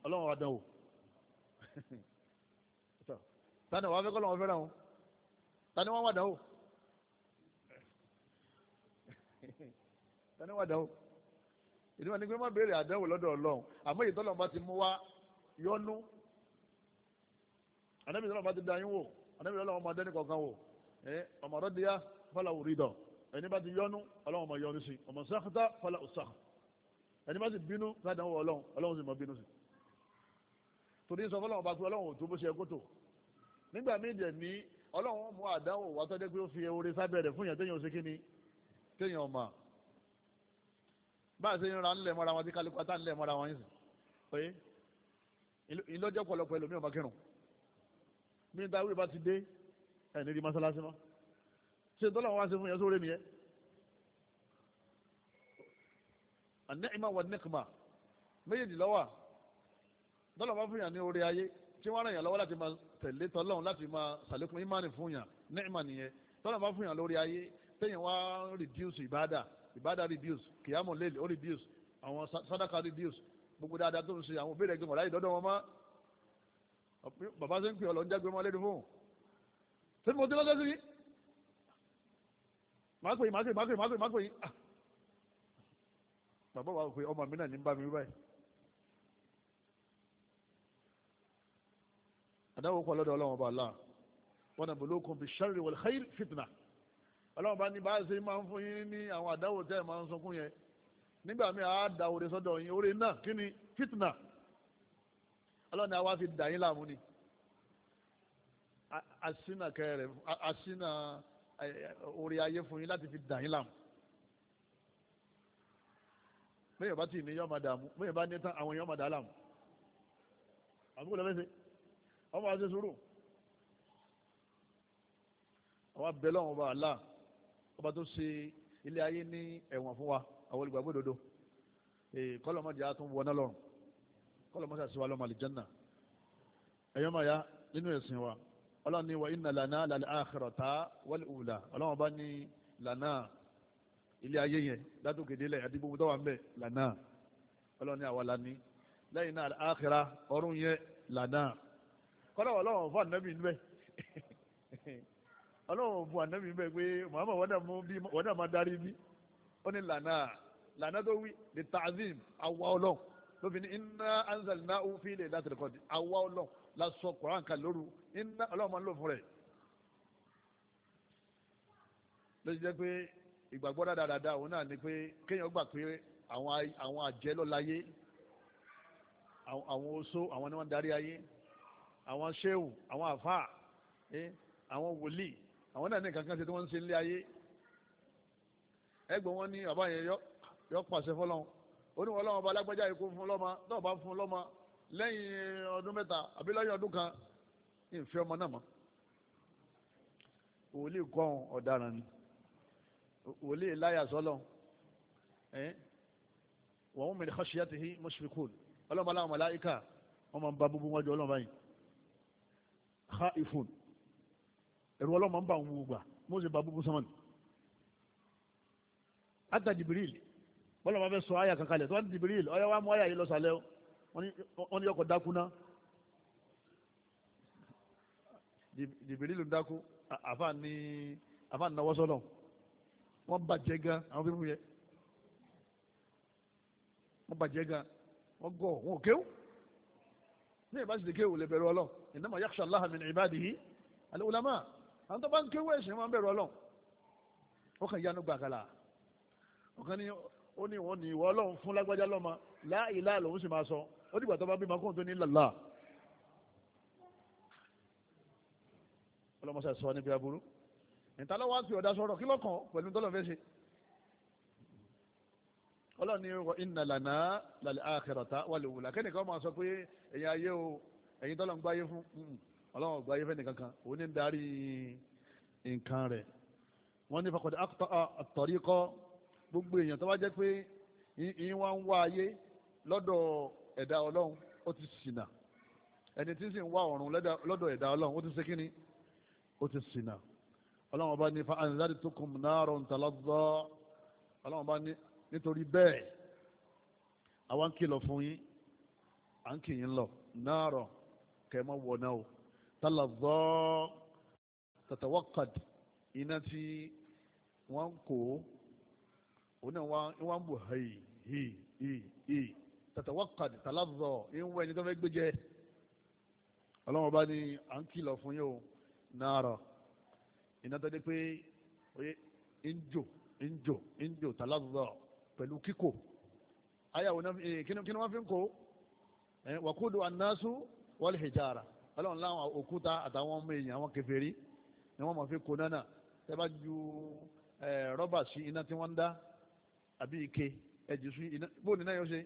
ọlọ́run àdánwò tani wàá fẹ́ kọ́ lọ́wọ́ fẹ́ràn o tani wọ́n wà dáwò tani wà dáwò ìdí wọn ni pé má béèrè àdáwò lọ́dọ̀ ọlọ́run àmọ́ èyí tọ́lọ́run bá ti mú wá yọnu ànábì tọ́lọ́run bá ti dá yín wò ànábì tọ́lọ́run ọmọ adẹ́ni kọ̀ọ̀kan wò ọmọ ọ̀rọ̀dìyà fọlá òrìdọ̀ ẹni bá ti yọnu ọlọ́run ọmọ yọnu sí ọmọ sáfútà fọlá òsà ẹni bá ti bínú sádàwọ̀ ọlọ́run ọlọ́run sì mọ bínú sí torí sọ fọlọ́run bá tó ọlọ́run ò tó bó ṣe ẹkótó nígbà míì dẹ̀ mí ọlọ́run mú àdánwò wá tọ́jú pé ó fi oore sábẹ́rẹ̀ fún yàn téèyàn ṣe kíni téèyàn mà bá a ṣe ń ra ńlẹ̀ mọ́ra wọn tí kálukú ata ńlẹ̀ mọ́ra wọn yín sìn pé ìlọ́jọ́ pọ̀lọpọ̀ ẹlòmíì ọmọ kírun bí n ta wíwá ti dé ẹ̀ ní rí mọ́sálásí mọ́ ṣe tọ́lọ́run wá ṣe fún yẹn sóore nìyẹn anẹ́ẹ̀mà wà nẹ́kùmà méjèèjì lọ́wà tọ́lọ́run bá fún yàn ní oore ayé tí wọ́n ràn yàn lọ́wọ́ láti máa tẹ̀lé tọ́lọ́run láti máa sàlékún ìmánì fún yàn nẹ́ẹ̀mà nìyẹn tọ́lọ́run bá fún yàn lórí ayé téèyàn wá reduce ìbádà ìbádà reduce kìyàmù lélẹ̀ ó reduce àwọn sadaka reduce gbogbo dáadáa tó ń ṣe àwọn òbéèrè gbẹmọ̀ láyé dọ́dọ̀ wọn mọ́ bàbá ṣe ń pè ọ̀lọ́ ń jágbe mọ́ lẹ́nu fún ṣé mo ti lọ́jọ́ sí máa àdáwò pọ̀ lọ́dọ̀ ọlọ́run ọba Allah wọn nà bulūkum bish-sharri wal-khayri fitna ọlọ́run bá ní bá ṣe máa ń fún yín ní àwọn àdáwò tẹ́ ẹ̀ máa ń sunkún yẹn nígbà míì àá da òde sọ́dọ̀ yín oore náà kí ni fitna ọlọ́run ni àwa fi dà yín láàmú ni asínà kẹrẹ asínà oore ayé fún yín láti fi dà yín láàmú bẹ́ẹ̀ bá ti ní yọ́ọ́ máa dààmú bẹ́ẹ̀ bá ní tán àwọn yọ́ọ́ máa dà láàmú àbúkù lọ́fẹ́sẹ̀ ọmọ àti sùúrù àwọn abẹ́lẹ́ ọ̀hún ọba àlá ọba tó ṣe ilé ayé ní ẹ̀wọ̀n fún wa àwọn olùgbàgbọ́ òdodo kọ́lọ́mọdé àtún wọná lọ́rùn kọ́lọ́mọdé àti wa lọ́mọ àlìjánná ẹ̀yọ́ máa ya nínú ẹ̀sìn wa ọlọ́run ní wa inna lana lal akhirata wal ula ọlọ́run bá ní lana ilé ayé yẹn látòkèdélẹ̀ àti gbogbo tó wà ń ọlọ́run ní àwa lani lẹ́yìn náà al akhira kọ́lá wọn lọ́wọ́ fún ànábì níbẹ̀ ọlọ́wọ́ fún ànábì níbẹ̀ pé Muhammad wọ́n dà máa darí bí ó ní lànà lànà tó wí lè ta'zim àwa ọlọ́run lóbìnrin iná anzalina fi lè láti rẹ̀ kọ́ni àwa la sọ Quran kan lóru iná ọlọ́run máa ń lò fún rẹ̀ ló ti jẹ́ pé ìgbàgbọ́ dáadáa òun náà ni pé kéèyàn gbà pé àwọn àjẹ́ lọ́láyé àwọn oṣó àwọn ni wọ́n darí ayé àwọn ṣéwù àwọn àfáà àwọn wòlíì àwọn náà ní nǹkan kan ṣe tí wọ́n ń ṣe nílé ayé ẹgbẹ́ wọn ní bàbá yẹn yọ pàṣẹ fọlọ́n oníwọ̀n lọ́wọ́ bá alágbájá ikú fún lọ́mọ tó bá fún lọ́mọ lẹ́yìn ọdún mẹ́ta àbí lẹ́yìn ọdún kan ìfẹ́ ọmọ náà mọ́ wòlíì kọ́ ọ̀daràn ni wòlíì láyà sọ́lọ́ wọ́n mú mi ní kọ́ṣíyàtì mọ́ṣífìkúl ọlọ́mọ aláwọ̀ mọ̀láìkà wọ́n máa ń ba búbú wájú ọlọ́mọ báyìí khaifun ẹ̀rù ọlọ́mọ ń bá òun gbogbo mose bá búbú sọ́mọ́nì ata jibril bọ́lá ma fẹ́ sọ àyà kankan tó wá ní jibril ọ̀yọ́ wa mú àyà yìí lọ́sàlẹ̀ wọ́n ní ọkọ̀ dákúná jibril ń dákú àfa ní àfa ní nawọ́ sọ́lọ̀ wọ́n bàjẹ́ gan àwọn fífún yẹ wọ́n bàjẹ́ gan wọ́n gọ̀ wọ́n kéwù ní ìbá sì kéwù lè bẹ̀rù ọlọ́run innama yakhsha Allaha min ibadihi al-ulama àwọn tó bá ń kéwù ẹ̀sìn máa ń bẹ̀rù ọlọ́run ó kàn yanu gbàgàlà ọ̀kan ní ó ní wọn ní ìwọ ọlọ́run fún lágbájá lọ́mọ la ilaha lòun sì máa sọ ó dìgbà tó bá bímọ kóhun tó ní làlá ọlọ́mọṣẹ́ sọ níbi aburú ìtàlọ́wọ́ á ti ọ̀dà sọ̀rọ̀ kí lọ́kàn pẹ̀lú tọ́lọ́ ọlọ́ni wọ iná lànà lálẹ́ àkẹrọ̀tà wàlẹ̀ òwúlà kẹ́nìkan máa sọ pé ẹ̀yin ayé o ẹ̀yin tọ́lọ́ ń gbáyé fún ọlọ́run gbáyé fẹ́ nìkan kan òun ní ń darí nǹkan rẹ̀ wọ́n ní fakọ̀dé àtọ̀rí kọ́ gbogbo èèyàn tó bá jẹ́ pé ìyín wá ń wá ayé lọ́dọ̀ ẹ̀dá ọlọ́run ó ti ṣìnà ẹni tí ń sì ń wá ọ̀run lọ́dọ̀ ẹ̀dá ọlọ́run ó ti ṣe kíni ó ti ṣìnà ọlọ́run ọba ní fa anzartukum naran talazza ọlọ́run ọba ní nítorí bẹ́ẹ̀ àwa ń kìlọ̀ fún yín à ń kì yín lọ náàrọ̀ kẹ́mọ́ wọ̀ náà o tálà zọ́ tàtàwọ́kàd iná tí wọ́n kò òun náà wọ́n ń bù hì hì hì hì tàtàwọ́kàd tálà zọ́ ìwọ̀n ẹni tó fẹ́ gbé ọlọ́run bá ní à ń kìlọ̀ fún yín o náàrọ̀ iná tó dé pé ń jò ń jò ń jò tálà zọ́ pẹ̀lú kíkò ayàwó eh, kí ni wọ́n fi ń kó eh, wàkúdù anáṣú wal hijara ọlọ́run láwọn òkúta àtàwọn ọmọ èèyàn àwọn kèfèrí ni wọ́n máa fi kó náà tẹ́ bá ju eh, rọ́bà sí iná tí wọ́n ń dá àbí ike ẹ̀jù sí iná bóun ní náà yóò ṣe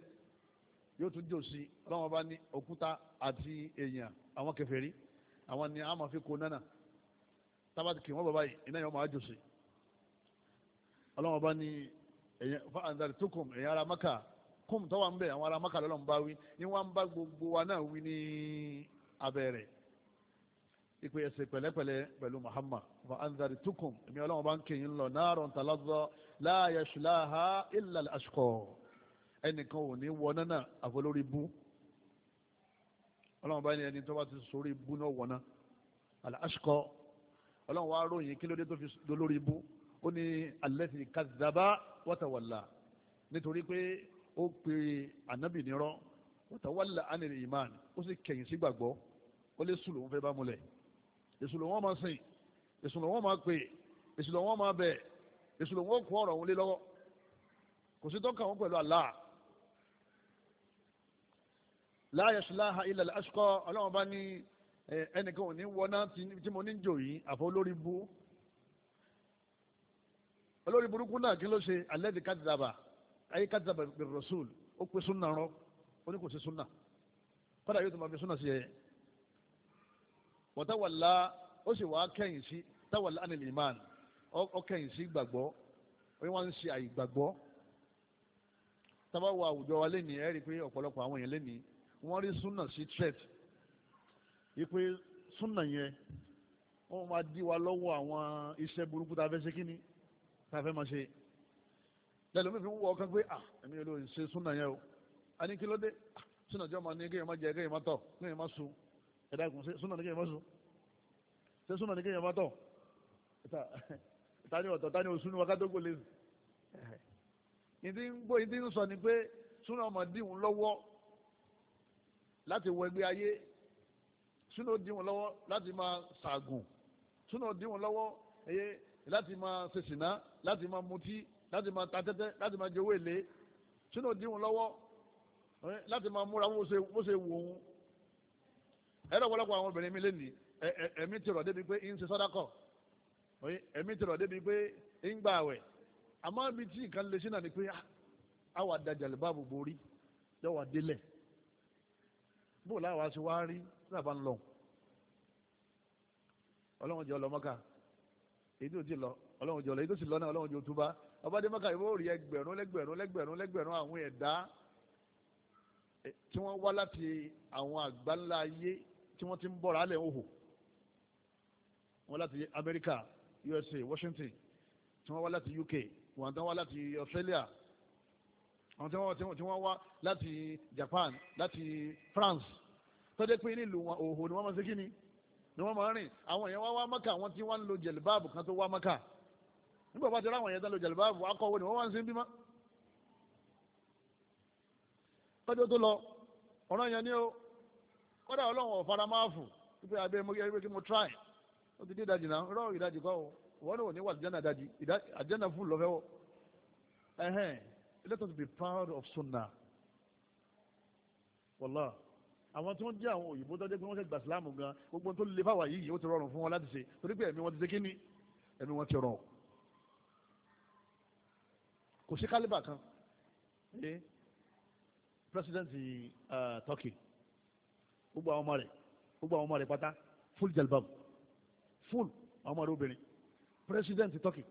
yóò tún jò sí ọlọ́run bá ní òkúta àti èèyàn àwọn kèfèrí àwọn ni a máa fi kó náà tábàtì kì wọ́n bàbá yìí iná yóò máa jò sí ọlọ́run bá ní fa anzartukum ẹ̀yin ará maka kum tọ́wọ́ ń bẹ̀ àwọn ará maka lọ́lọ́ ń bá wí ni wọ́n ń bá gbogbo wa náà wí ní abẹ́rẹ́ ìpè ẹsẹ̀ pẹ̀lẹ́pẹ̀lẹ́ pẹ̀lú Muhammad fa anzartukum èmi ọlọ́run bá ń kéyìn lọ naran talazza la yaslaha illa al-ashqa ẹnìkan ò ní wọ náà àfọlórí bú ọlọ́run bá ní ẹni tó bá ti sórí bú náà wọ̀ náà al-ashqa ọlọ́run wá ròyìn kí ló dé tó fi dolórí bú ó ní alẹ́sìn kazaba wàtàwàlà nítorí pé ó pe ànábì nírọ́ wàtàwàlà ánìlì imán ó sì kẹ̀yìn sí gbàgbọ́ ó lé sùlù wọn fẹ́ bá múlẹ̀ èsùlù wọn máa sìn èsùlù wọn máa pè èsùlù wọn máa bẹ̀ èsùlù wọn kó ọ̀rọ̀ wọn lé lọ́wọ́ kò sí tọ́ka wọn pẹ̀lú Allah la yaslaha illa al ọlọ́wọ́n bá ní ẹnìkan ò ní wọná tí mo ní jò yìí àfọ lórí bú olórí burúkú náà kí ló ṣe alẹ́dì kádìdàbà ayé kádìdàbà bẹ̀rẹ̀ rasul ó pe súnà rọ ó ní kò sí súnà kọ́dà yóò tó máa fi súnà sí ẹ wọ́tàwàlá ó sì wàá kẹ́yìn sí táwàlá anil iman ó kẹ́yìn sí gbàgbọ́ wọ́n wá ń ṣe àìgbàgbọ́ tábàwọ̀ àwùjọ wa lénìí ẹ̀rí pé ọ̀pọ̀lọpọ̀ àwọn èèyàn lénìí wọ́n rí súnà sí threat ipe súnà yẹn wọ́n máa dí wa lọ́wọ́ àwọn iṣẹ́ burúkú tá a fẹ́ ṣe kí tá a fẹ́ máa ṣe lẹ́lọ́mí fi wúwo ọkàn pé à èmi olóò ṣe súnà yẹn o a ní kí ló dé súnà jọ́ máa ní kéèyàn máa jẹ kéèyàn máa tọ̀ kéèyàn máa sun ẹ̀dá ìkùn ṣe súnà ní kéèyàn máa sun ṣe súnà ní kéèyàn máa tọ̀ ta ni ọ̀tọ̀ ta ni oṣù ni wákàtí ògbó lẹ́sìn ìdí ń gbó ìdí ń sọ ni pé súnà ọmọ dìhun lọ́wọ́ láti wọ ẹgbẹ́ ayé súnà ó dìhun lọ́wọ́ láti máa ṣàgùn súnà ó dìhun lọ́wọ́ láti máa ṣe sìná láti máa mutí láti máa ta tẹ́tẹ́ láti máa jowó èlé sínú òdiwọ̀n lọ́wọ́ láti máa múra bó ṣe wò ó ẹ̀rọ ọ̀pọ̀lọpọ̀ àwọn obìnrin mi lẹ́nìí ẹ̀mí ti rọ̀ débi pé ń ṣe sọ́dákọ̀ ẹ̀mí ti rọ̀ débi pé ń gbà àwẹ̀ àmọ́ ibi tí nǹkan lè sí náà ni pé ah, a wà dajà báàbù borí lọ́wọ́ délẹ̀ bóòlù àwọn aṣọ wa rí náà ń lọ ọlọ́run jẹ́ ọlọ́mọ́ká èyí tó ti lọ ọlọ́run jọ lọ èyí tó sì lọ náà ọlọ́run jọ túbá ọba dé mọ́kà ìwọ́ òrì ẹgbẹ̀rún lẹ́gbẹ̀rún lẹ́gbẹ̀rún lẹ́gbẹ̀rún àwọn ẹ̀dá tí wọ́n wá láti àwọn àgbáńlá ayé tí wọ́n ti ń bọ̀rọ̀ alẹ́ òhò wọ́n láti Amẹ́ríkà USA Washington tí wọ́n wá láti UK wọ́n tán wá láti Australia àwọn tí wọ́n wá láti Japan láti France tọ́jú pé nílùú òhò ni wọ́n máa ń ṣe kí ni ni wọ́n máa rìn àwọn èèyàn wá wá mọ́kà àwọn tí wọ́n lo jẹ̀lìbáàbù kan tó wá mọ́kà nígbà bá ti ráwọn èèyàn tó lo jẹ̀lìbáàbù akọ̀wé ni wọ́n wá ń sin bímọ. kọ́jọ́ tó lọ ọ̀rọ̀ yẹn ni ó kọ́dà ọlọ́run ọ̀fara máa fù pípẹ́ abẹ́ mo yẹ kí mo try ó ti dé ìdajì náà rọ́ ìdajì kọ́ wọ́n náà ní wà àjẹ́nà ìdajì àjẹ́nà fún lọ́fẹ́ wọ́ let us be proud of sunnah wallah àwọn tí wọ́n jẹ́ àwọn òyìnbó tó pé wọ́n ṣe gbà sílámù gan gbogbo tó lè fáwà yìí ó ti rọrùn fún wọn láti ṣe torí pé ẹ̀mí wọn ti ṣe kíní ẹ̀mí wọn ti rọrùn kò sí kálíbà kan ẹ president uh, Turkey gbogbo àwọn ọmọ rẹ̀ gbogbo àwọn ọmọ rẹ̀ pátá full jalbab full àwọn ọmọ rẹ̀ obìnrin president Turkey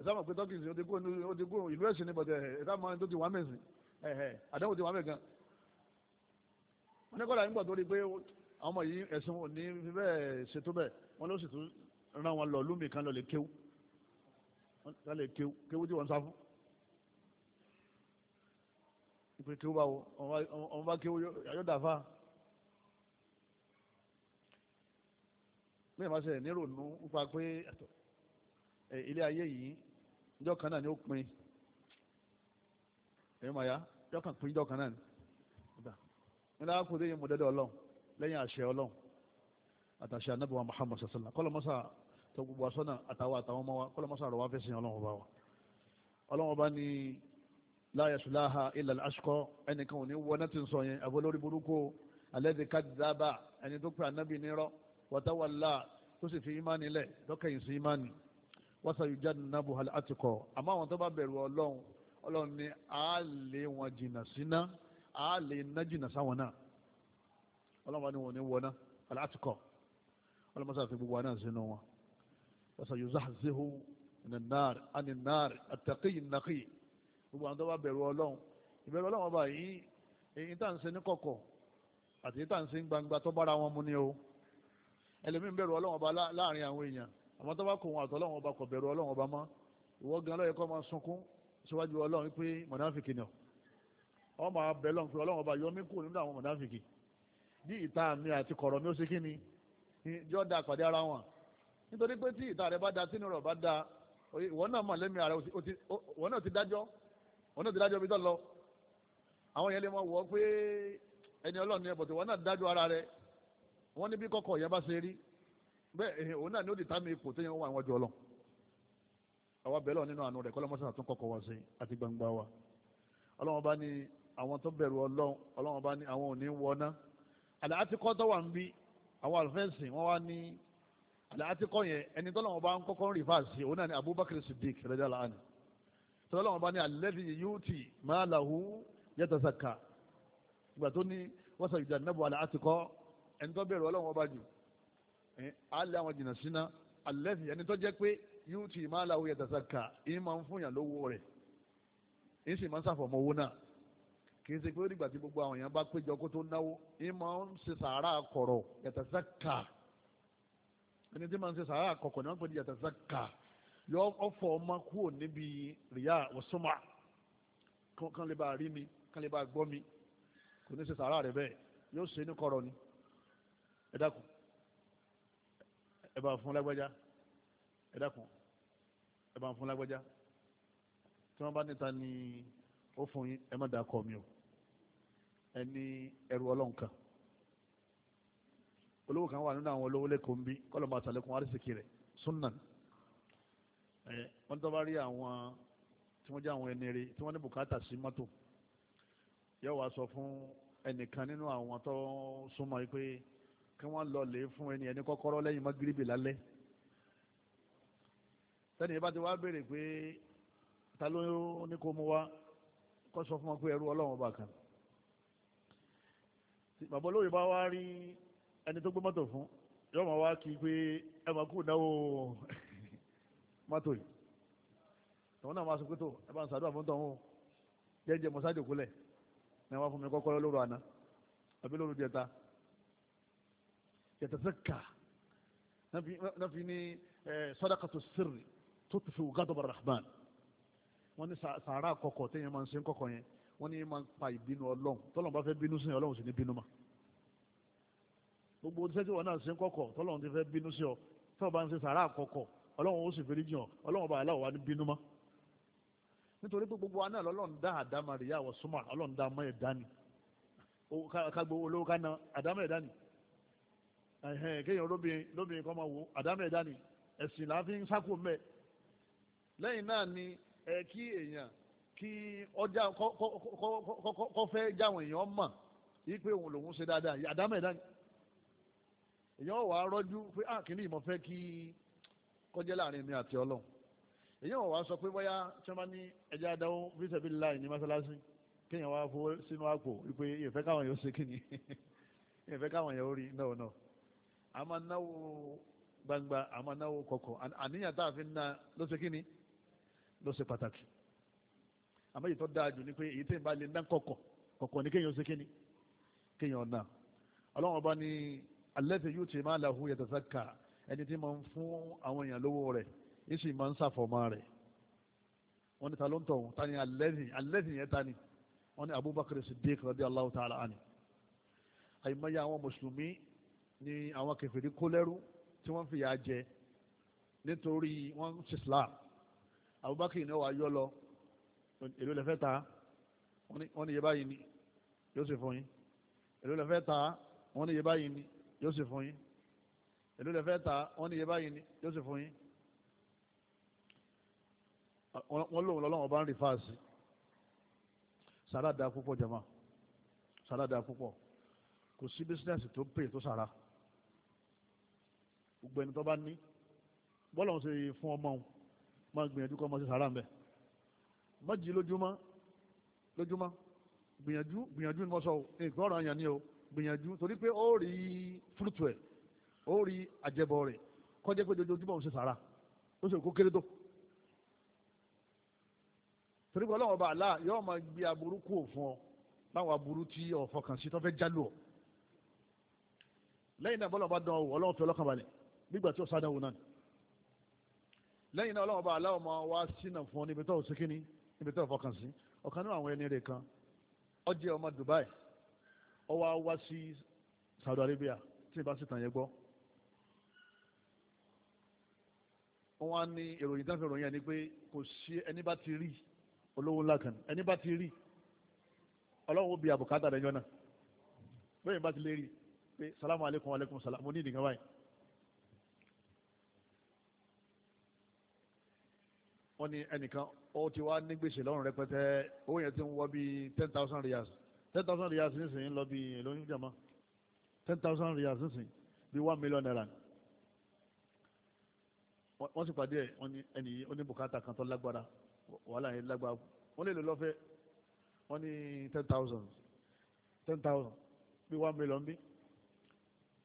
ẹ̀sán mọ̀ pé Turkey ó ti kú ìlú ẹ̀sìn ní bọ̀dẹ̀ eh, ẹ̀sán mọ̀ tó ti wà mẹ́sìn ẹ̀ẹ́ eh, eh, ti wà mẹ́sìn wọ́n ní kọ́lá nígbà tó rí pé àwọn ọmọ yìí ẹ̀sìn ò ní fi bẹ́ẹ̀ ṣètò bẹ́ẹ̀ wọ́n ló sì tún rán wọn lọ lómi kan lọ lè kéwú wọ́n lè kéwú kéwú tí wọ́n sá fún ìpè kéwú báwo ọmọ bá kéwú yóò dàfà bẹ́ẹ̀ máa ṣe nírònú nípa pé ilé ayé yìí ìjọ kan náà ni ó pin èèyàn màá yá ìjọ kan pin ìjọ kan náà ni nílá kò dé yẹn mú dẹ́dẹ́ ọlọ́run lẹ́yìn àṣẹ ọlọ́run àtàṣà anábì wa Muhammad sasana kọ́lọ́mọ́sà tó gbogbo asọ́nà àtàwọn àtàwọn ọmọ wa kọ́lọ́mọ́sà rọ̀ wá fẹ́ sin ọlọ́run ọba wa ọlọ́run ọba ní láyà sùláhà ilà aṣkọ́ ẹnìkan ò ní wọ náà ti ń sọ yẹn àbólórí burúkú alẹ́dẹ̀ kàdábà ẹni tó pè anábì nírọ́ wàtáwàlá tó sì fi ìmánì lẹ̀ lọ́kẹ̀yìn sí ìmánì wàsàyùjá nàbù àtìkọ́ àmọ́ àwọn tó bá bẹ̀rù ọlọ́run ọlọ́run ni àá lé wọn jìnnà síná a lè ná jìnnà sáwọn náà ọlọ́wọ́n ni wọ́n ní wọ́n náà aláàtìkọ́ ọlọ́wọ́n sáfẹ́ gbogbo wa náà sínú wọn wọ́sà yóò záhàzéhù ní náàrí àtàkìyìn nàkì gbogbo àwọn tó bá bẹ̀rù ọlọ́run ìbẹ̀rù ọlọ́run ọba yìí èyí tá à ń ṣe ní kọ̀kọ̀ àti èyí tá à ń ṣe ní gbangba tó bára wọn mu ni o ẹlòmíín bẹ̀rù ọlọ́run ọba láàrin àwọn èèyàn àwọn tó bá kó ọmọ abẹ lọ́n pé ọlọ́run ọba yọmí kù nínú àwọn mọ̀dáfìkì ní ìta mi àti kọ̀rọ̀ mi ó ṣe kí ni yọ da àpàdé ara wọn nítorí pé tí ìta rẹ bá da sínú rẹ bá da ìwọ náà mọ̀ lẹ́mìí ara ìwọ náà ti dájọ́ ìwọ náà ti dájọ́ bí tó lọ àwọn yẹn lè mọ wọ pé ẹni ọlọ́run yẹn bọ̀tẹ̀ ìwọ náà dájọ́ ara rẹ wọ́n ní bí kọ́kọ́ yẹn bá ṣe rí bẹ́ẹ̀ eh, òun náà ni ó di tá mi ipò tó yẹn wà wọ́n jọ lọ àwa bẹ̀rẹ̀ ọlọ́run bá ní àwọn tó bẹ̀rù ọlọ́run ọlọ́run bá ní àwọn ò ní wọná àlàátíkọ́ tó wà ń bí àwọn àlùfẹ́ǹsì wọ́n wá ní àlàátíkọ́ yẹn ẹni tó lọ́wọ́ bá ń kọ́kọ́ ń rìfà sí òun náà ní Abubakar Siddiq rẹ́jà láàánú tó lọ́wọ́ bá ní alladhi yu'ti malahu yatazakka ìgbà tó ní wọ́n sọ ìjà nẹ́bù àlàátíkọ́ ẹni tó bẹ̀rù ọlọ́run ọba jù alẹ́ àwọn jìnnà síná alladhi ẹni tó jẹ́ pé yu'ti malahu yatazakka ìmọ̀ ń fún yàn lówó rẹ̀ kì í ṣe pé ó dìgbà tí gbogbo àwọn èèyàn bá péjọ kó tó náwó yín ń ṣe sàárà kọ̀rọ̀ yàtàzákà ẹni tí máa ń ṣe sàárà kọ̀kọ̀ ni wọ́n pè ní yàtàzákà yọ ọ̀fọ̀ ọmọ kúrò níbi rìyà wọ̀sọ́mà kan lè bá rí mi kan lè bá gbọ́ mi kò ní ṣe sàárà rẹ̀ bẹ́ẹ̀ yóò ṣe ní kọ̀rọ̀ ni ẹ dákun ẹ bá fún lágbájá ẹ dákun ẹ bá fún lágbájá tí wọ́n bá níta ni ó fún yín ẹ má da kọ mi o ẹ ní ẹrù ọlọ́run kan olówó kan wà nínú àwọn olówó lẹ́kọ̀ọ́ ń bí kọ́lọ̀ máa tàlẹ́kùn rẹ̀ sunnan ẹ wọ́n tó bá rí àwọn tí wọ́n jẹ́ àwọn ẹni rí tí wọ́n ní bùkátà sí mọ́tò yóò wá sọ fún ẹnìkan nínú àwọn tó súnmọ́ yìí pé kí wọ́n lọ lè fún ẹni ẹni kọ́kọ́rọ́ lẹ́yìn magiribi lálẹ́ tẹ́nìyẹ bá ti wá béèrè pé ta ló ní kó mú wá kọ́ sọ fún wọn pé ẹrú ọlọ́run ọba kan bàbá olóyè bá wá rí ẹni tó gbé mọ́tò fún yóò máa wá kí pé ẹ máa kú ìnáwó mọ́tò yìí tòun náà máa sọ pé tó ẹ bá ń sàdúrà fún tòun jẹ́jẹ́ mọ́sájò kúlẹ̀ ní wọ́n fún mi kọ́kọ́rọ́ lóru àná àbí lóru jẹta jẹta sẹ́kà náà fi ní sọ́dákàtò sírì tó ti fi rahman wọ́n ní sàárà kọ̀kọ̀ téèyàn máa ń ṣe ń kọ̀kọ̀ yẹn wọ́n ní máa ń pa ìbínú ọlọ́run tọ́lọ́run bá fẹ́ bínú sí ọlọ́run sì ní bínú mà gbogbo oníṣẹ́ tí wọ́n náà ṣe ń kọ̀kọ̀ tọ́lọ́run ti fẹ́ bínú sí ọ tọ́lọ́run bá ń ṣe sàárà kọ̀kọ̀ ọlọ́run ó sì fẹ́rí jìn ọ ọlọ́run bá aláwọ̀ wá ní bínú mọ́ nítorí pé gbogbo aná lọ́lọ́run dá àdámà rèé àwọ̀ súnmọ́ ọlọ́run dá mọ́ ẹ̀dá ni na àdámà ẹ̀dá ni kéèyàn lóbìnrin lóbìnrin kan máa wo àdámà ẹ̀dá ni ẹ̀sìn lẹ́yìn náà ni ẹ kí èèyàn kí ọjà kọ́ fẹ́ jáwọn èèyàn mọ̀ yí pé òun lòun ṣe dáadáa àdámọ̀ ẹ̀dá ni èèyàn wà á rọ́jú pé ah kìíní ìmọ̀ fẹ́ kí kọjá láàrin mi àti ọlọ́run èèyàn wà á sọ pé bóyá tí wọ́n bá ní ẹja adáwó bíṣẹ̀bí láì ní mọ́ṣáláṣí kéèyàn wá fowó sínú àpò wípé ìfẹ́ káwọn yóò ṣe kíni ìfẹ́ káwọn yóò rí náà náà a máa náwó gbangba a máa náwó kọ̀kọ̀ àníyàn tá a fi ń ná ló ṣe kíni ló ṣe pàtàkì àmọ́ èyí tó dáa jù ni pé èyí tí ń bá lè ná kọ̀kọ̀ kọ̀kọ̀ ni kéèyàn ṣe kíni kéèyàn náà ọlọ́run ọba ni alẹ́sì yóò ti máa làhú yatazakka ẹni tí máa ń fún àwọn èèyàn lówó rẹ̀ yìí sì máa ń ṣàfọ̀mọ́ rẹ̀ wọ́n ní ta ló ń tọ̀ ta ni alẹ́sì alẹ́sì yẹn ta ni wọ́n ní Abubakar Siddiq radiyallahu ta'ala ani àyìnbáyé àwọn mùsùlùmí ni àwọn kèfèrí kólẹ́rú tí wọ́n fìyà jẹ nítorí wọ́n ń ṣe Islam Abubakar ní ọwọ́ ayọ́ lọ èlò lẹ́fẹ́ ta wọ́n ní iye báyìí ni yóò sì fún yín èlò lẹ́fẹ́ ta wọ́n ní iye báyìí ni yóò sì fún yín èlò lẹ́fẹ́ ta wọ́n ní iye báyìí ni yóò sì fún yín wọ́n lòun lọ́lọ́wọ́n bá ń rí fáàsì sàrà dáa púpọ̀ jama sàrà da púpọ̀ kò sí bísínẹ́sì tó pè tó sàrà gbogbo ẹni tó bá ní bọ́lá ń ṣe fún ọmọ òun máa gbìyànjú kọ́ máa ṣe sàárà mbẹ́ má jí lójúmọ́ lójúmọ́ gbìyànjú gbìyànjú ni mo sọ ọ̀rọ̀ àyàn ni o gbìyànjú torí pé ó rí fúrútù ẹ̀ ó rí àjẹbọ rẹ̀ kọjá pé dojoojúmọ́ òun ṣe sàárà ó sì kó kéré tó torí pé ọlọ́wọ́ bá àlá yóò máa gbé aburú kú òfun ọ láwọn aburú tí ọ̀fọkàn sí tó fẹ́ jálù ọ lẹ́yìn náà bọ́lá bá dán ọ ọlọ́wọ́ fi ọlọ́kàn balẹ̀ nígbà tí ó lẹ́yìn náà ọlọ́run bá aláwọ̀ máa wá sínà fún ọ níbi tó ṣe kíní níbi tó fọkàn sí ọ̀kan nínú àwọn ẹni rẹ̀ kan ó jẹ́ ọmọ Dubai ọ wá wá sí Saudi Arabia tí ìbá sì tàn yẹn gbọ́ wọ́n á ní ìròyìn táwọn ìròyìn ẹni pé kò sí ẹni bá ti rí olówó ńlá kan ẹni bá ti rí ọlọ́run bi àbùkátà rẹ̀ yọ náà bẹ́ẹ̀ bá ti lè rí pé salamu aleykum aleykum salamu ní ìdìgbà báyìí wọ́n ní ẹnìkan ó ti wá ní gbèsè lọ́rùn rẹpẹtẹ owó yẹn ti ń wọ bíi ten thousand riyas ten thousand riyas nísìnyí ń lọ bíi èlò oúnjẹ ten thousand riyals nísìnyí bíi one million naira wọ́n sì pàdé ẹ̀ wọ́n ní ẹnì yìí ó ní bùkátà kan tó lágbára wàhálà yẹn lágbára wọ́n lè lò lọ́fẹ̀ẹ́ wọ́n ní ten thousand ten thousand bíi one million bíi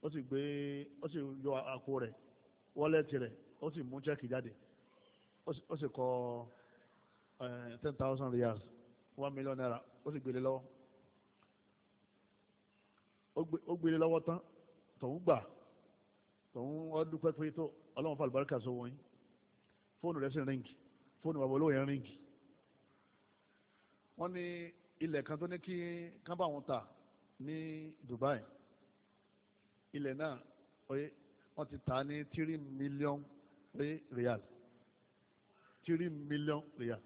ó sì gbé ó sì yọ àpò rẹ̀ wọ́lẹ̀tì rẹ̀ ó sì mú chẹ́ẹ̀kì jáde ó sì kọ ten thousand riyals one million naira ó sì gbélé lọ́wọ́ ó gbélé lọ́wọ́ tán tòun gbà tòun ọdún pẹ́pẹ́ tó ọlọ́run fàlù báríkà sọ wọ́n yín fóònù rẹ̀ sì ríǹgì fóònù bàbá olóyè ríǹgì wọ́n ní ilẹ̀ kan tó ní kí kán wọn tà ní Dubai ilẹ̀ náà wọ́n ti tà ní three million riyals three million riyal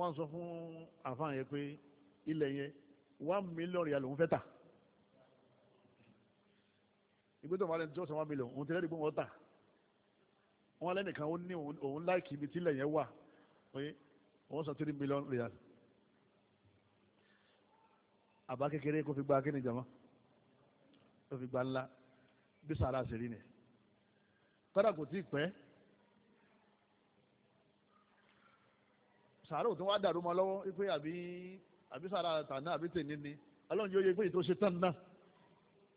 wọ́n sọ fún àfáàn yẹn pé ilẹ̀ yẹn one million riyal lòún fẹ́ tà ìgbésọ̀ wà lẹ́nu tí wọ́n san one million òun ti rẹ́ẹ̀dì gbọ́n wọ́n tà wọ́n lẹ́nìkan ó ní òun láìkì ibi tílẹ̀ yẹn wà pé wọ́n san three million riyal àbá kékeré kó fi gba kí ni jama kó fi gba ńlá bí sàrà àṣírí ni kọ́dà kò tí ì pẹ́ sàárò tó wá dàrú mọ́ lọ́wọ́ wípé àbí àbí sàrà tàná àbí tèmi ni ọlọ́run yóò yẹ pé ètò ṣe tán náà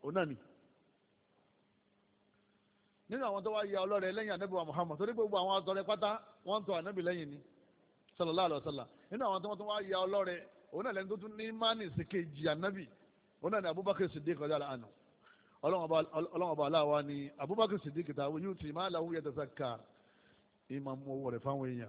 òun náà ni nínú àwọn tó wá ya ọlọ́rẹ̀ lẹ́yìn ànábì Muhammad torí gbogbo àwọn àtọrẹ pátá wọ́n ń tọ ànábì lẹ́yìn ni sallallahu alaihi wasallam nínú àwọn tó wá ya ọlọ́rẹ̀ òun náà lẹ́nu tó tún ní mánì sí kejì ànábì òun náà ni Abubakar Siddiq ọjà àná ọlọ́wọ́n ọba aláwa ni Abubakar Siddiq tàwọn yóò ti máa láwùjọ tẹ̀sán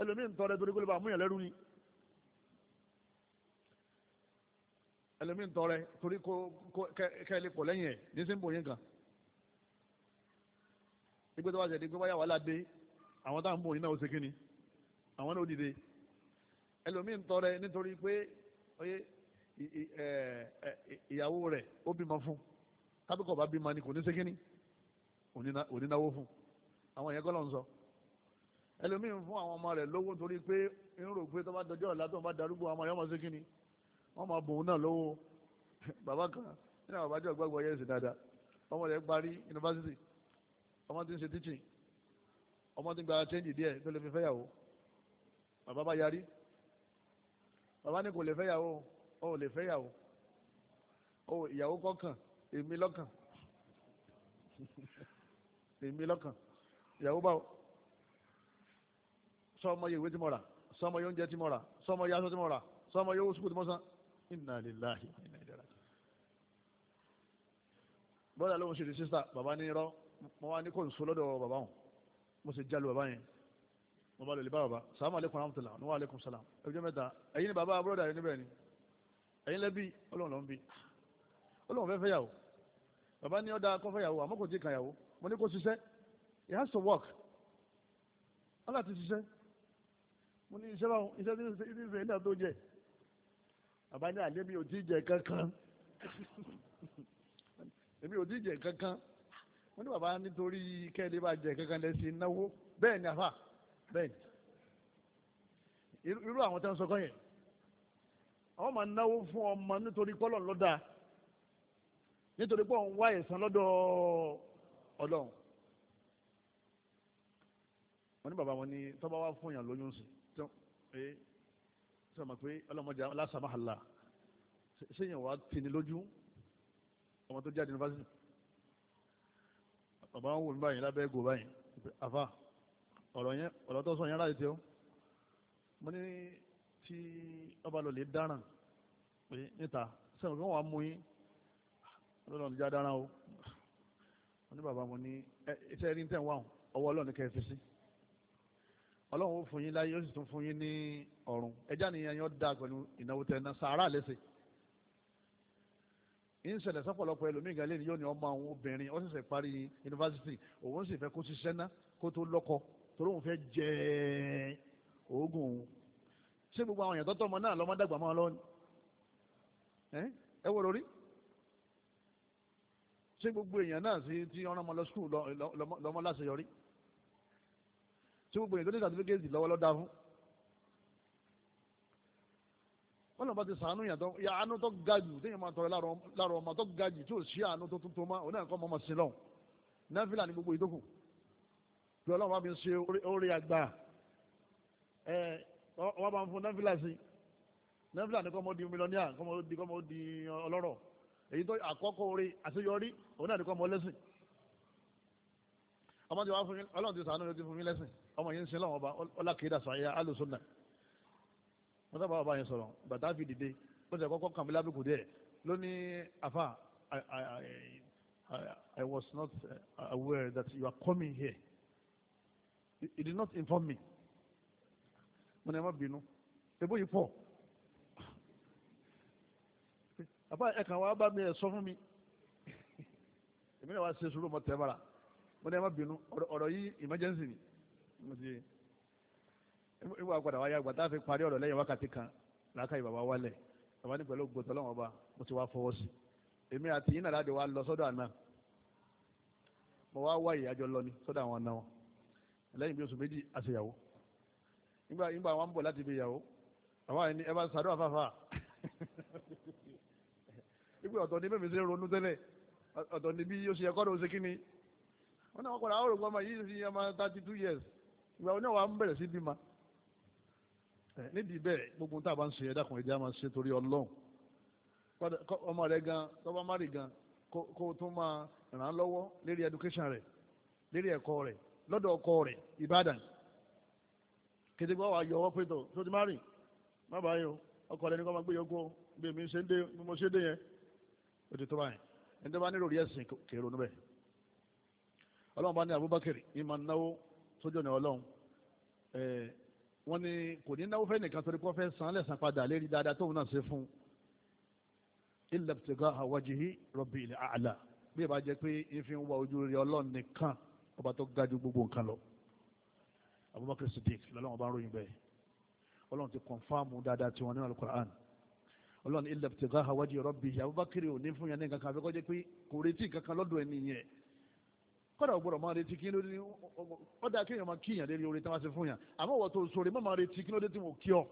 ẹlòmíì ń tọrẹ torí kó lè bá múyàn lẹ́rú ni ẹlòmíì ń tọrẹ torí kó kẹ́ lè pọ̀ lẹ́yìn ẹ̀ ní sínbò yín kan ìgbésẹ̀ wá ṣẹ̀dí pé wáyà wàhálà dé àwọn táwọn ń náà ó ṣe kí ni àwọn náà ó dìde ẹlòmíì ń tọrẹ nítorí pé oyè ìyàwó rẹ̀ ó bímọ fún tábìkọ̀ bá bímọ ni kò ní ṣe kí ni òní náwó fún àwọn ìyẹn kọ́ lọ́n sọ ẹlòmíì ń fún àwọn ọmọ rẹ̀ lówó torí pé ń rò pé tó bá dọjọ́ ọ̀la tó bá darúgbó àwọn ọmọ sí kíni wọ́n máa bòun náà lówó bàbá kan nínú àwọn àbájọ gbàgbọ́ yẹn sì dáadáa ọmọ rẹ̀ parí yunifásitì ọmọ tí ń ṣe teaching ọmọ tí ń gba change díẹ̀ tó lè fi fẹ́yàwó bàbá bá yarí bàbá ní kò lè fẹ́yàwó ó lè fẹ́yàwó ó ìyàwó kọ̀ọ̀kan èmi lọ́kàn èmi lọ́kàn ìyàwó báwo sọmọ yẹ ìwé tí mo rà sọmọ yẹ oúnjẹ tí mo rà sọmọ yẹ aṣọ tí mo rà sọmọ yẹ owó sukùl tí mo san inna lillahi wa inna ilaihi raji'un. bọ́dà lóun ṣe di sísá bàbá ní irọ́ mo wá ní kò ń so lọ́dọ̀ bàbá wọn mo sì jálu bàbá yẹn mo bá lọ bá bàbá sàmú aleykum rahmatulah wa aleykum salam ẹjọ mẹ́ta ẹ̀yin ni bàbá bọ́dà yẹn níbẹ̀ ni ẹ̀yin lẹ́bí ọlọ́run ló ń bí ọlọ́run fẹ́ fẹ́yàwó bàbá ní ọ̀dà kọ́ fẹ́yàwó àmọ́ kò tí ì kàyàwó mo ní kó ṣiṣẹ́ it has to work ọlá ti ṣiṣẹ́ mo ní iṣẹ́ báwọn iṣẹ́ tí ń ṣe ilé tó jẹ bàbá ní àlébi ò tí ì jẹ kankan èmi ò tí ì jẹ kankan mo ní bàbá nítorí kẹ́lé bá jẹ kankan lẹ́sìn náwó bẹ́ẹ̀ ni àfà bẹ́ẹ̀ ni irú àwọn tó ń sọ kọ́ yẹn àwọn máa náwó fún ọmọ nítorí pọ́lọ̀ lọ́dà nítorí pé òun wá ẹ̀san lọ́dọ̀ ọlọ́run wọ́n ní bàbá wọn ní tọ́ba wá fún yàn lóyún sí i pé sọ̀mọ̀ pé ọlọ́mọdé alásàmáhàlà sẹ́yìn wàá tini lójú ọmọ tó jáde yunifásitì bàbá wọn wò mí báyìí lábẹ́ ẹ̀gò báyìí àfà ọ̀rọ̀ yẹn ọ̀rọ̀ tó sọ yẹn láti tẹ ọ́ mo ní tí ọba lọ lè dáràn pé níta sẹ́yìn kí wọ́n wàá mú yín ọlọ́run já dáràn o mo ní bàbá mo ní iṣẹ́ rí ní tẹ̀ ọwọ́ ọlọ́run kẹ́ sí ọlọ́run ó fún yín láyé ó sì tún fún yín ní ọ̀run ẹjá nìyẹn yóò dáa pẹ̀lú ìnáwó tẹ̀ ná sàárà lẹ́sẹ̀ ń ṣẹlẹ̀ sọ́pọ̀lọpọ̀ ẹlòmíì gan lẹ́nu yóò ní ọmọ àwọn obìnrin ó ṣẹ̀ṣẹ̀ parí yunifásitì òun sì fẹ́ kó ṣiṣẹ́ ná kó tó lọ́kọ torí òun fẹ́ jẹ oògùn òun ṣé gbogbo àwọn èèyàn tó tọ́mọ náà lọ́mọ dàgbà máa lọ́ni ẹ wò lórí ṣé gbogbo èèyàn náà sí tí ọ̀ràn ọmọ lọ skul lọ́mọ láṣeyọrí tí gbogbo yẹn tó ní sàtífíkẹ́tì lọ́wọ́ lọ́dá fún. wọ́n lọ́ba ti sàánú yàn tó yà àánú tó ga jù téèyàn máa tọrọ láàrọ̀ ọmọ tó ga jù tí ò sí àánú tó tuntun mọ́ òun náà kọ́ ọmọ sí lọ́hùn náfìlà ní gbogbo ìdókù bí ọlọ́run bá fi ṣe orí àgbà ẹ wọ́n bá ń fún náfìlà sí náfìlà ní kọ́ ọmọ di mílíọ̀nìyà kọ́ ọmọ di kọ́ ọmọ di ọlọ́rọ̀ èyí tó àkọ́kọ́ orí àṣeyọrí òun náà ní kọ́ ọmọ lẹ́sìn ọmọ ti wá fún mi ọlọ́run ti sàánú ti fún mi lẹ́sìn ọmọ yẹn ń sin lọ́wọ́ ọba sàyà alùsùnà wọ́n sábà ọba yẹn sọ̀rọ̀ bàtà fi dìde ó sì kọ́kọ́ kàn mí lábẹ́kù díẹ̀ lónìí afa I was not uh, aware that you are coming here you did not inform me mo ní bínú ebó yìí pọ̀ àbá ẹ̀ka wa bá mi ẹ̀ fún mi èmi náà wá ṣe sùúrù mọ́ mo ní bínú ọ̀rọ̀ yìí emergency ni. ìwà padà wáyé àgbà tá a fi parí ọ̀rọ̀ lẹ́yìn wákàtí kan làákàyè bàbá wálẹ̀ bàbá ní pẹ̀lú gbòtò ọlọ́wọ́n ọba mo ti wá fọwọ́ sí èmi àti yín wa lọ sọ́dọ̀ àná mo wá lọ ni sọ́dọ̀ àwọn àná wọn lẹ́yìn bí oṣù méjì àṣeyàwó nígbà nígbà wọn bọ̀ láti ibi ìyàwó àwọn ẹ bá ọ̀tọ̀ ni mẹ́mi ṣe ronú tẹ́lẹ̀ ọ̀tọ̀ ni bí kí ni wọn ìgbà onye náà wà ń bẹ̀rẹ̀ sí bímọ bẹ́ẹ̀ gbogbo tá a bá ń ṣe ẹ̀dá ẹ̀dá máa ṣe torí ọlọ́run ọmọ rẹ gan tọ́ba mari gan kó o tún máa ràn án lọ́wọ́ lérí education rẹ, lérí ẹ̀kọ́ lọ́dọ̀ ọkọ ìbàdàn yọ mari má bàa yọ ọkọ rẹ ní kọ́ máa gbé bí ṣe ń dé bí mo ṣe dé yẹn ti tó báyìí ẹni tó bá nílò rí sójú ọ̀nà ọlọ́run wọ́n ní kò ní náwó fẹ́ nìkan torí kó fẹ́ san lẹ́sàn padà lérí dáadáa tóun náà ṣe fún illa ibtigha'a wajhi rabbil a'la bí ìbá jẹ́ pé ìfi ń wá ojú rí ọlọ́run nìkan ọba tó ga ju gbogbo nǹkan lọ Abubakar Siddiq lọ́lọ́run ọba ń ròyìn bẹ́ẹ̀ ọlọ́run ti kọ̀nfàmù dáadáa tiwọn nínú Al-Qur'an ọlọ́run illa ibtigha'a wajhi rabbil Abubakar ò ní fún yẹn ní nǹkan kan àfikọ́jẹ́ pé kò retí nǹkan kan lọ́dọ̀ ẹni yẹn kọ́dà ọgbọ́dọ̀ máa retí kí ló dé ọ̀dà kéèyàn máa kíyàn lérí oore tí wọ́n ṣe fún yàn àmọ́ wọ́n tó sọ̀rọ̀ má máa retí kí ló dé tí wọ́n kí ọ.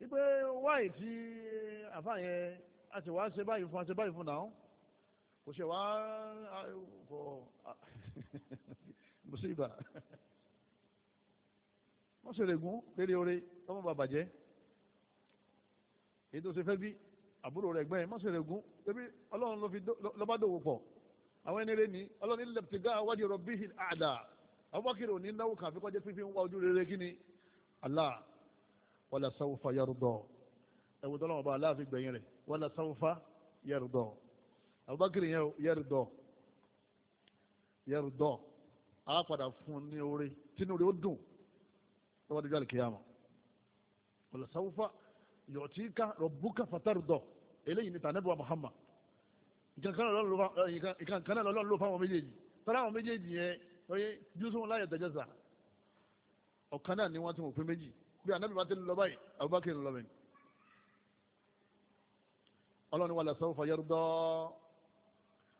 wípé wáyé tí àfa yẹn a sì wá ṣe báyìí fún a ṣe báyìí fún náà kò ṣe wá kò mùsíbà wọ́n ṣe lè gún lérí oore ọmọ bàbà jẹ́ èyí tó ṣe fẹ́ bí àbúrò rẹ̀ gbẹ́yìn mọ́ṣẹ̀lẹ̀gún ebi ọlọ́run ló fi lọ́bádòwò pọ̀ àwọn ẹni rẹ̀ ní ọlọ́ni lẹ́pìtìgá wájú rọ̀bí àdá abubakar òní náwó kan àfikọ́ jẹ́ fífi ń wá ojú rere kí ni Allah wala sawfa yarudọ̀ ẹ̀wọ̀n tọ́lọ́wọ́n bá aláàfin gbẹ̀yìn rẹ̀ wala sawfa yarudọ̀ abubakar yarudọ̀ yarudọ̀ á padà fún ní orí tínú rẹ̀ ó dùn lọ́wọ́ dẹjọ́ àlùkìyàmọ̀ wala sawfa yu'tika rabbuka fatarudọ̀ eléyìí ni tànẹ́bùwà Muhammad ìkànnì lọ́lọ́run ló fáwọn méjèèjì tọ́lá àwọn méjèèjì yẹn oye júùsùn láyọ̀ tẹ̀jẹ̀sà ọ̀kan náà ni wọ́n ti mọ̀ pé méjì bí anábì bá ti lọ báyìí Abubakar ń lọ bẹ́ẹ̀ ọlọ́run wà lásán fayọ́rọ́dọ́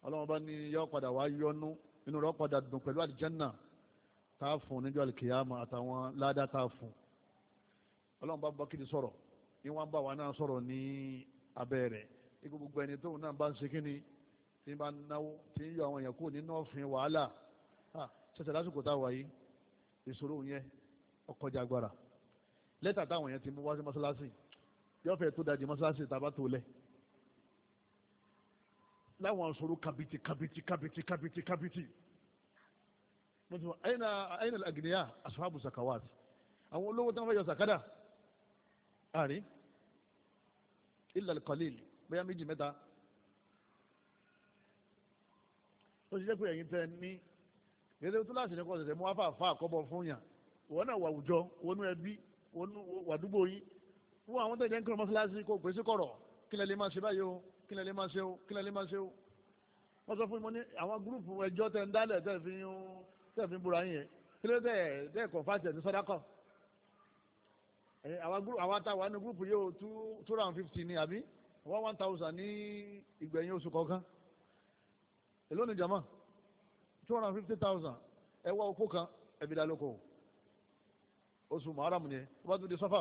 ọlọ́run bá ní yọ padà wá yọnu inú rẹ̀ padà dùn pẹ̀lú àlìjánà tá a fún níjọ́ àlìkèyàmọ̀ àtàwọn ládàá tá a fún ọlọ́run bá Abubakar sọ̀rọ̀ ni wọ́n bá wa náà sọ̀rọ̀ ní abẹ́ rẹ̀ ikú gbogbo ẹni tóun náà bá ń ṣe kíni tí ń bá náwó tí ń yọ àwọn èèyàn kúrò nínú ọ̀fìn wàhálà ṣẹ̀ṣẹ̀ lásìkò táwa yìí ìṣòro yẹn ọkọjà agbára lẹ́tà táwọn yẹn ti mú wá sí mọ́ṣáláṣí yọ́fẹ̀ tó dajì mọ́ṣáláṣí tàbá tó lẹ̀ láwọn ṣòro kàbìtì kàbìtì kàbìtì kàbìtì kàbìtì mọ̀tún àyìnà àyìnà àgìníyà ashabu zakawat àwọn olówó tó ń fẹ́ yọ zakada àrí illa al bóyá méjì mẹ́ta ó ṣiṣẹ́ pé ẹ̀yin tẹ́ ní gẹ́gẹ́ tó láti nìkan ṣẹ̀ṣẹ̀ mú wá fàáfà àkọ́bọ̀ fún yàn ìwọ náà wà àwùjọ wọnú ẹbí wàdúgbò yín fún àwọn tó ń jẹ́ ń kírun mọ́ṣáláṣí kó pèsè kọ̀rọ̀ kí lẹ lè máa ṣe báyìí o kí lẹ lè máa ṣe o kí lẹ lè máa ṣe o wọ́n sọ fún mi ní àwọn gúrùpù ẹjọ́ tẹ̀ ń dálẹ̀ tẹ̀ fi ń tẹ̀ fi ń búra yín yẹn kí ló dé dé kọ̀ǹfàtì ní sọ́dákọ̀ àwọn àtàwọn ní gúrùpù yìí o two hundred and fifty ni àbí wọ́n one thousand ní ìgbẹ̀yìn oṣù kọ̀ọ̀kan èló ni jama two hundred and fifty thousand ẹ wá okó kan ẹbí dá lóko oṣù muharam ni ẹ wọ́n tún di sọ́fà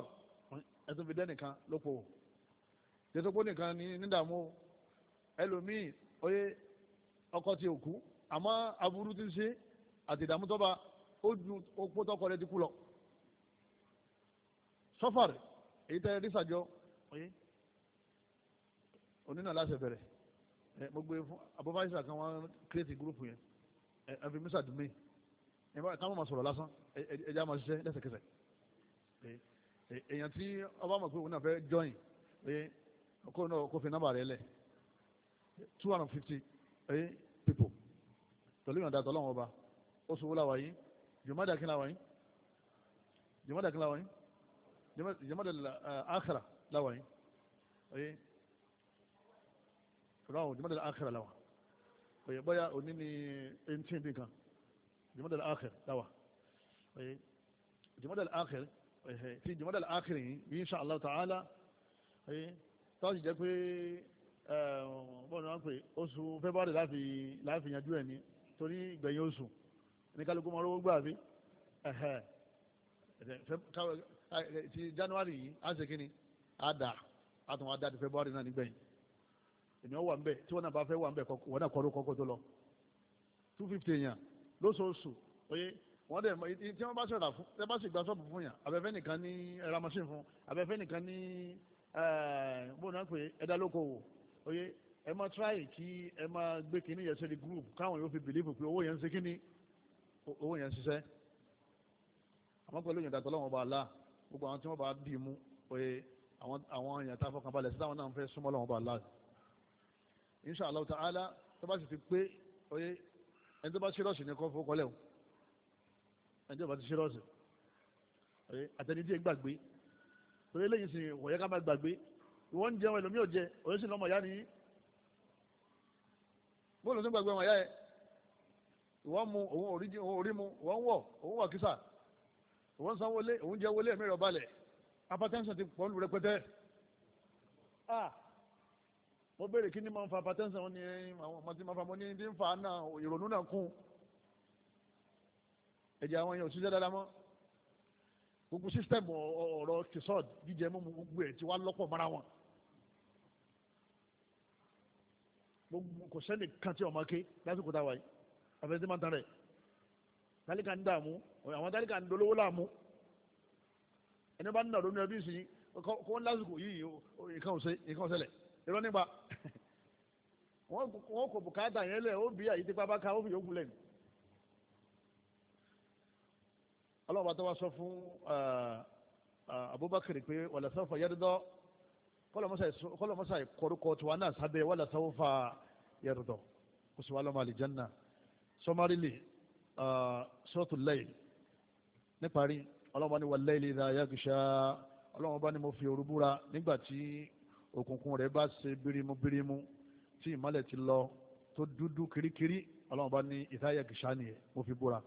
ẹ tún fi dẹ́ nìkan lóko tètèpó nìkan ní nídààmú ẹlòmíì oyè ọkọ ti òkú àmọ́ aburú ti ń ṣe àti ìdààmú tọ́ba ó ju opó tọkọ rẹ ti kú lọ sọ́fà rẹ̀ èyí tẹ́ ẹ rí sàjọ onínà láṣẹ bẹ̀rẹ̀ ẹ mo gbé fún abọ́fáìsà kan wọ́n kírètì gúrúùpù yẹn ẹ ẹ fi mísà dùnmí ẹ bá káwọn máa sọ̀rọ̀ lásán ẹ ẹ já máa ṣiṣẹ́ lẹ́sẹ̀kẹsẹ̀ ẹ èèyàn tí ọba mọ̀ pé òun náà fẹ́ join ẹ kó náà kó fi nọ́mbà rẹ lẹ̀ two hundred fifty ẹ people tọ́lú ìrìnàdà tọ́lọ́wọ́n ọba ó sọ wúlà wáyé jùmọ́dà kí láwáyé jùmọ́dà kí láwáyé jùmọ́dà àkàrà láwáyé fúláwọ̀ jùmọ̀dà àkẹ́rẹ̀ làwà òye bóyá òní ni eighteen bí kan jùmọ̀dà àkẹ́rẹ̀ làwà òye jùmọ̀dà àkẹ́rẹ̀ ti jùmọ̀dà àkẹ́rẹ̀ yìí insha Allah ta'ala òye tọ́jú jẹ́ pé bọ́ọ̀ ni wọ́n pè oṣù february láfi yanjú ẹ̀ ní torí gbẹ̀yìn oṣù ní kálukú mọ́ rówó gbà bí january yìí á ṣe kí ni á dà á tún wá dá ti february náà nígbẹ̀yìn ènìyàn wà nbẹ tí wọn náà bá fẹ́ wà nbẹ wọn náà kọrọ kọkọ tó lọ two fifty èèyàn lóṣooṣù oye wọn dẹ tí wọn bá sọ̀rọ̀ fún tí wọn bá sì gba sọọbù fún yàn abẹfẹ nìkan ní ẹra machine fún abẹfẹ nìkan ní eh, bó náà pé ẹdá lóko wò oye ẹ máa try kí ẹ máa gbé kínní yẹn sẹ́ni group káwọn yóò fi believe pé owó yẹn ń ṣe kínní owó yẹn ń ṣiṣẹ́ àmọ́ pẹ̀lú ìyẹn dàtọ́ lọ́wọ́ bá a la gbogbo àwọn tí wọ́n bá dì í mú oye àwọn èèyàn tá a fọkàn balẹ̀ sí táwọn náà ń fẹ́ súnmọ́ lọ́wọ́ bá a la insha Allah ta'ala tó bá sì ti pé oyé ẹni tó bá ṣírọ́ọ̀sì ní kan fowókọ́lẹ̀ o ẹni tó bá ti ṣírọ́ọ̀sì oyé àtẹnidí gbàgbé torí eléyìí sì wọ̀nyẹ́ ká má gbàgbé ìwọ́n ń jẹun ẹlòmíì ò jẹ oyé sì lọ́mọ ìyá nìyí bóòlù tó gbàgbé ọmọ ìyá yẹ ìwọ́n mu òun orí mu òun wọ̀ òun wọ̀ kísà òun sanwó lé òun jẹ́ wọlé ẹ̀mí rẹ̀ balẹ̀ apatẹ́ńsọ̀ ti pọ̀ lù rẹpẹtẹ. Ah! mo béèrè kí ni máa ń fa hypertension wọn ni àwọn ọmọ tí máa fa mo ní ní ń fa náà ìrònú náà kún ẹ̀jẹ̀ àwọn èèyàn ò ṣiṣẹ́ dáadáa mọ́ gbogbo sísítẹ́ẹ̀mù ọ̀rọ̀ kìsọ́ọ̀d jíjẹ mímu gbogbo ẹ̀ ti wá lọ́pọ̀ mọ́ra wọn gbogbo kò sẹ́ni kan tí ọmọ ké lásìkò táwa yìí àfẹ́sí máa ń tan rẹ̀ tálíkà ń dààmú àwọn tálíkà ń dolówó láàmú ẹni bá ń nà lónìí ẹbí sìn kọ́ lásìkò yìí nǹkan irọ́ nípa wọ́n kò bùkátà yẹn lẹ̀ ó bí àyè tipa bá ká ó fi yókù lẹ́nu. ọlọ́run àti wa sọ fún Abubakar pé wàlẹ̀ sọ́fà yẹ́dọ́dọ́ kọ́lọ́mọ́sà ìkọ́rúkọ tiwa náà sábẹ́ wàlẹ̀ sọ́fà yẹ́dọ́dọ́ kò sì wà lọ́mọ àlìjánná sọmarili suratul layl níparí ọlọ́run bá ní wal layli idha bá ní mo fi òru nígbà tí òkùnkùn rẹ̀ bá ṣe bírímú bírímú tí ìmọ́lẹ̀ ti lọ tó dúdú kirikiri ọlọ́run bá ní ìdáyà gìṣà nìyẹn mo fi búra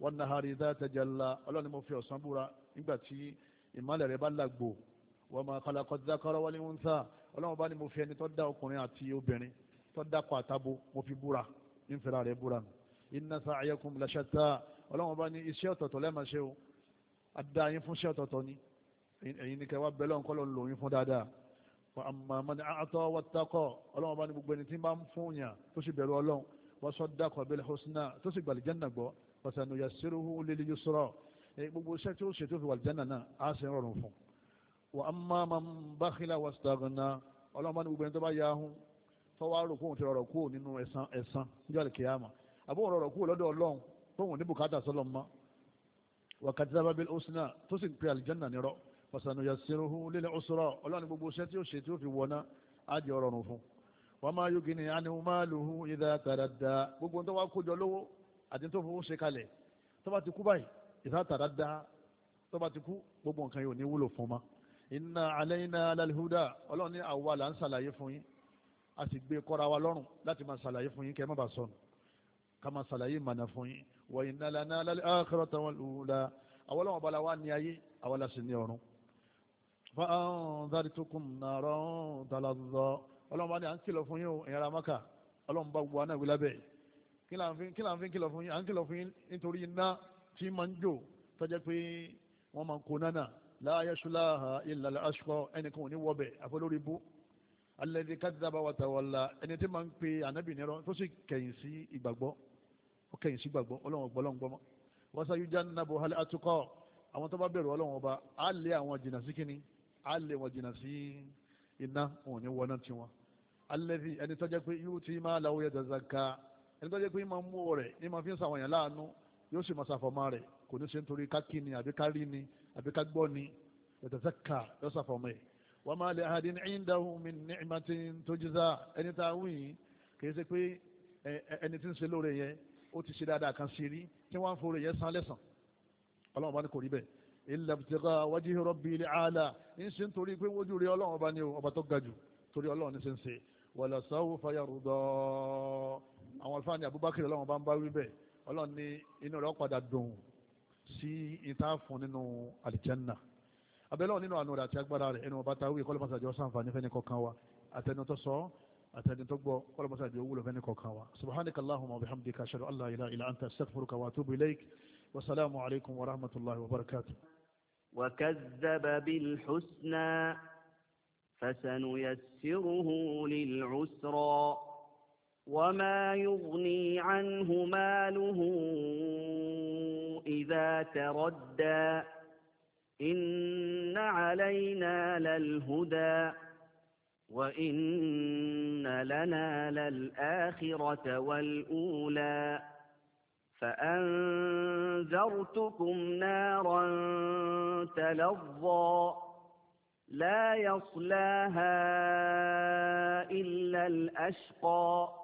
wan nahari idha tajalla ọlọ́run ni mo fi ọ̀sán búra nígbà tí ìmọ́lẹ̀ rẹ̀ bá làgbò wa ma khalaqad dhakara wal untha ọlọ́run bá ní mo fi ẹni tó dá ọkùnrin àti obìnrin tó dákọ àtabo mo fi búra nífẹ̀ẹ́ rẹ̀ búra nù inna sa'yakum la shatta ọlọ́run bá ní iṣẹ́ ọ̀tọ̀ọ̀tọ̀ lẹ́ẹ̀ma ṣe o adáyín fún iṣẹ́ ọ̀tọ̀ọ̀tọ̀ ni ẹ̀yin ni kẹwàá bẹ́lọ̀ ńkọ́ ló lò yín fún dáadáa wa amma man a'ata wattaqa ọlọ́run bá ní gbogbo ẹni tí bá ń fún yàn tó sì bẹ̀rù ọlọ́run wa saddaqa bil husna tó sì gbàlì jẹ́nà gbọ́ wa sanuyassiruhu lil yusra gbogbo iṣẹ́ tí ṣe tó fi wàlì jẹ́nà náà á sì rọrùn fún wa amma man bakhila wastaghna ọlọ́run bá ní gbogbo ẹni tó bá ya ahun tó wá fasanuya siruhu lílẹ̀ ọ̀sọ̀rọ̀ ọlọ́run gbogbo iṣẹ́ tí ó ṣe tí ó fi wọná á jẹ́ ọ̀rọ̀ fún wọ́n máa yógi ní anihu máa lùhù ìdá tàdàdà gbogbo tó wá kójọ lówó àti tó fowó ṣe kalẹ̀ ti kú báyìí ìdá tàdàdà tó bá ti kú gbogbo nǹkan yóò ní wúlò fún ma inna alayna lalhuda ọlọ́run ní àwa là ń ṣàlàyé fún a sì gbé kọ́ra wa lọ́rùn láti máa ṣàlàyé fún yín kẹ́ má bàa sọnù ká máa ṣàlàyé mànà fún wa inna lana lal akhirata wal ula àwọn ọlọ́run ọba la wá ní ayé fa'anzartukum naran talazza ọlọ́run bá ní à ń kìlọ̀ fún yín o ẹ̀yàrá maka ọlọ́run bá gbogbo anáwó lábẹ́ kí là ń fi kìlọ̀ fún yín à ń kìlọ̀ fún yín nítorí iná tí máa ń jò tọ́jẹ́ pé wọ́n máa ń kó nánà la yashlaha illa al-ashqa ẹnìkan ò ní wọ́bẹ̀ àfọlórí bú alladhi kadhaba wa tawalla ẹni tí máa ń pe ànábì nírọ́ tó sì kẹ̀yìn sí ìgbàgbọ́ ó kẹ̀yìn sí ìgbàgbọ́ ọlọ́run àwọn tó bá bẹ̀rù ọlọ́run ọba á lé àwọn jìnnà sí kínní á lè wọn jìnnà sí iná òun ní wọná tiwọn alẹ́bí ẹni tó jẹ́ pé yóò ti máa làwọn yẹn dàda ka ẹni tó jẹ́ pé máa mú rẹ̀ ní máa fi ń sàwọn yẹn láàánú yóò sì máa ṣàfọ̀mọ́ rẹ̀ kò ní ṣe nítorí ká kí ni àbí ká rí ni àbí ká gbọ́ ni yàtọ̀tà ká yóò ṣàfọ̀mọ́ ẹ̀ wọ́n máa lè hàdí ní ìdáhùn mi ní ìmọ̀tí tó jíza ẹni tá a wù yìí kì í ṣe pé ẹni tí ń ṣe lóore yẹn ó ti ṣe dáadáa kan sí rí tí wọ́n á forí yẹn san lẹ́sàn ọlọ́run bá ní kò rí bẹ́ẹ̀ illa ibtigha wajhi rabbil aala ń ṣe nítorí pé wójú rí ọlọ́run ọba ni o ọba tó ga jù torí ọlọ́run ní ṣe ń ṣe wala sawfa yarda àwọn ìfáàní Abubakar ọlọ́run bá ń bá wí bẹ́ẹ̀ ọlọ́run ní inú rẹ̀ padà dùn sí ìta fún nínú àlìjẹ́nà abẹ́lẹ́ wọn nínú àánú rẹ̀ àti agbára rẹ̀ ẹnu ọba ta wí kọ́lọ́mọsàjọ́ sàǹfààní fẹ́ni kọ̀ọ̀kan wa àtẹni tó sọ àtẹni tó gbọ́ kọ́lọ́mọsàjọ́ wúlò fẹ́ni kọ̀ọ̀kan wa subhanaka allahumma wa bihamdika ashhadu an ilaha illa anta astaghfiruka wa atubu ilaik wa salaamu alaykum wa rahmatullahi wa barakatuh وكذب بالحسنى فسنيسره للعسرى وما يغني عنه ماله إذا تردى إن علينا للهدى وإن لنا للآخرة والأولى فأنذرتكم نارا تلظى لا يصلاها إلا الأشقى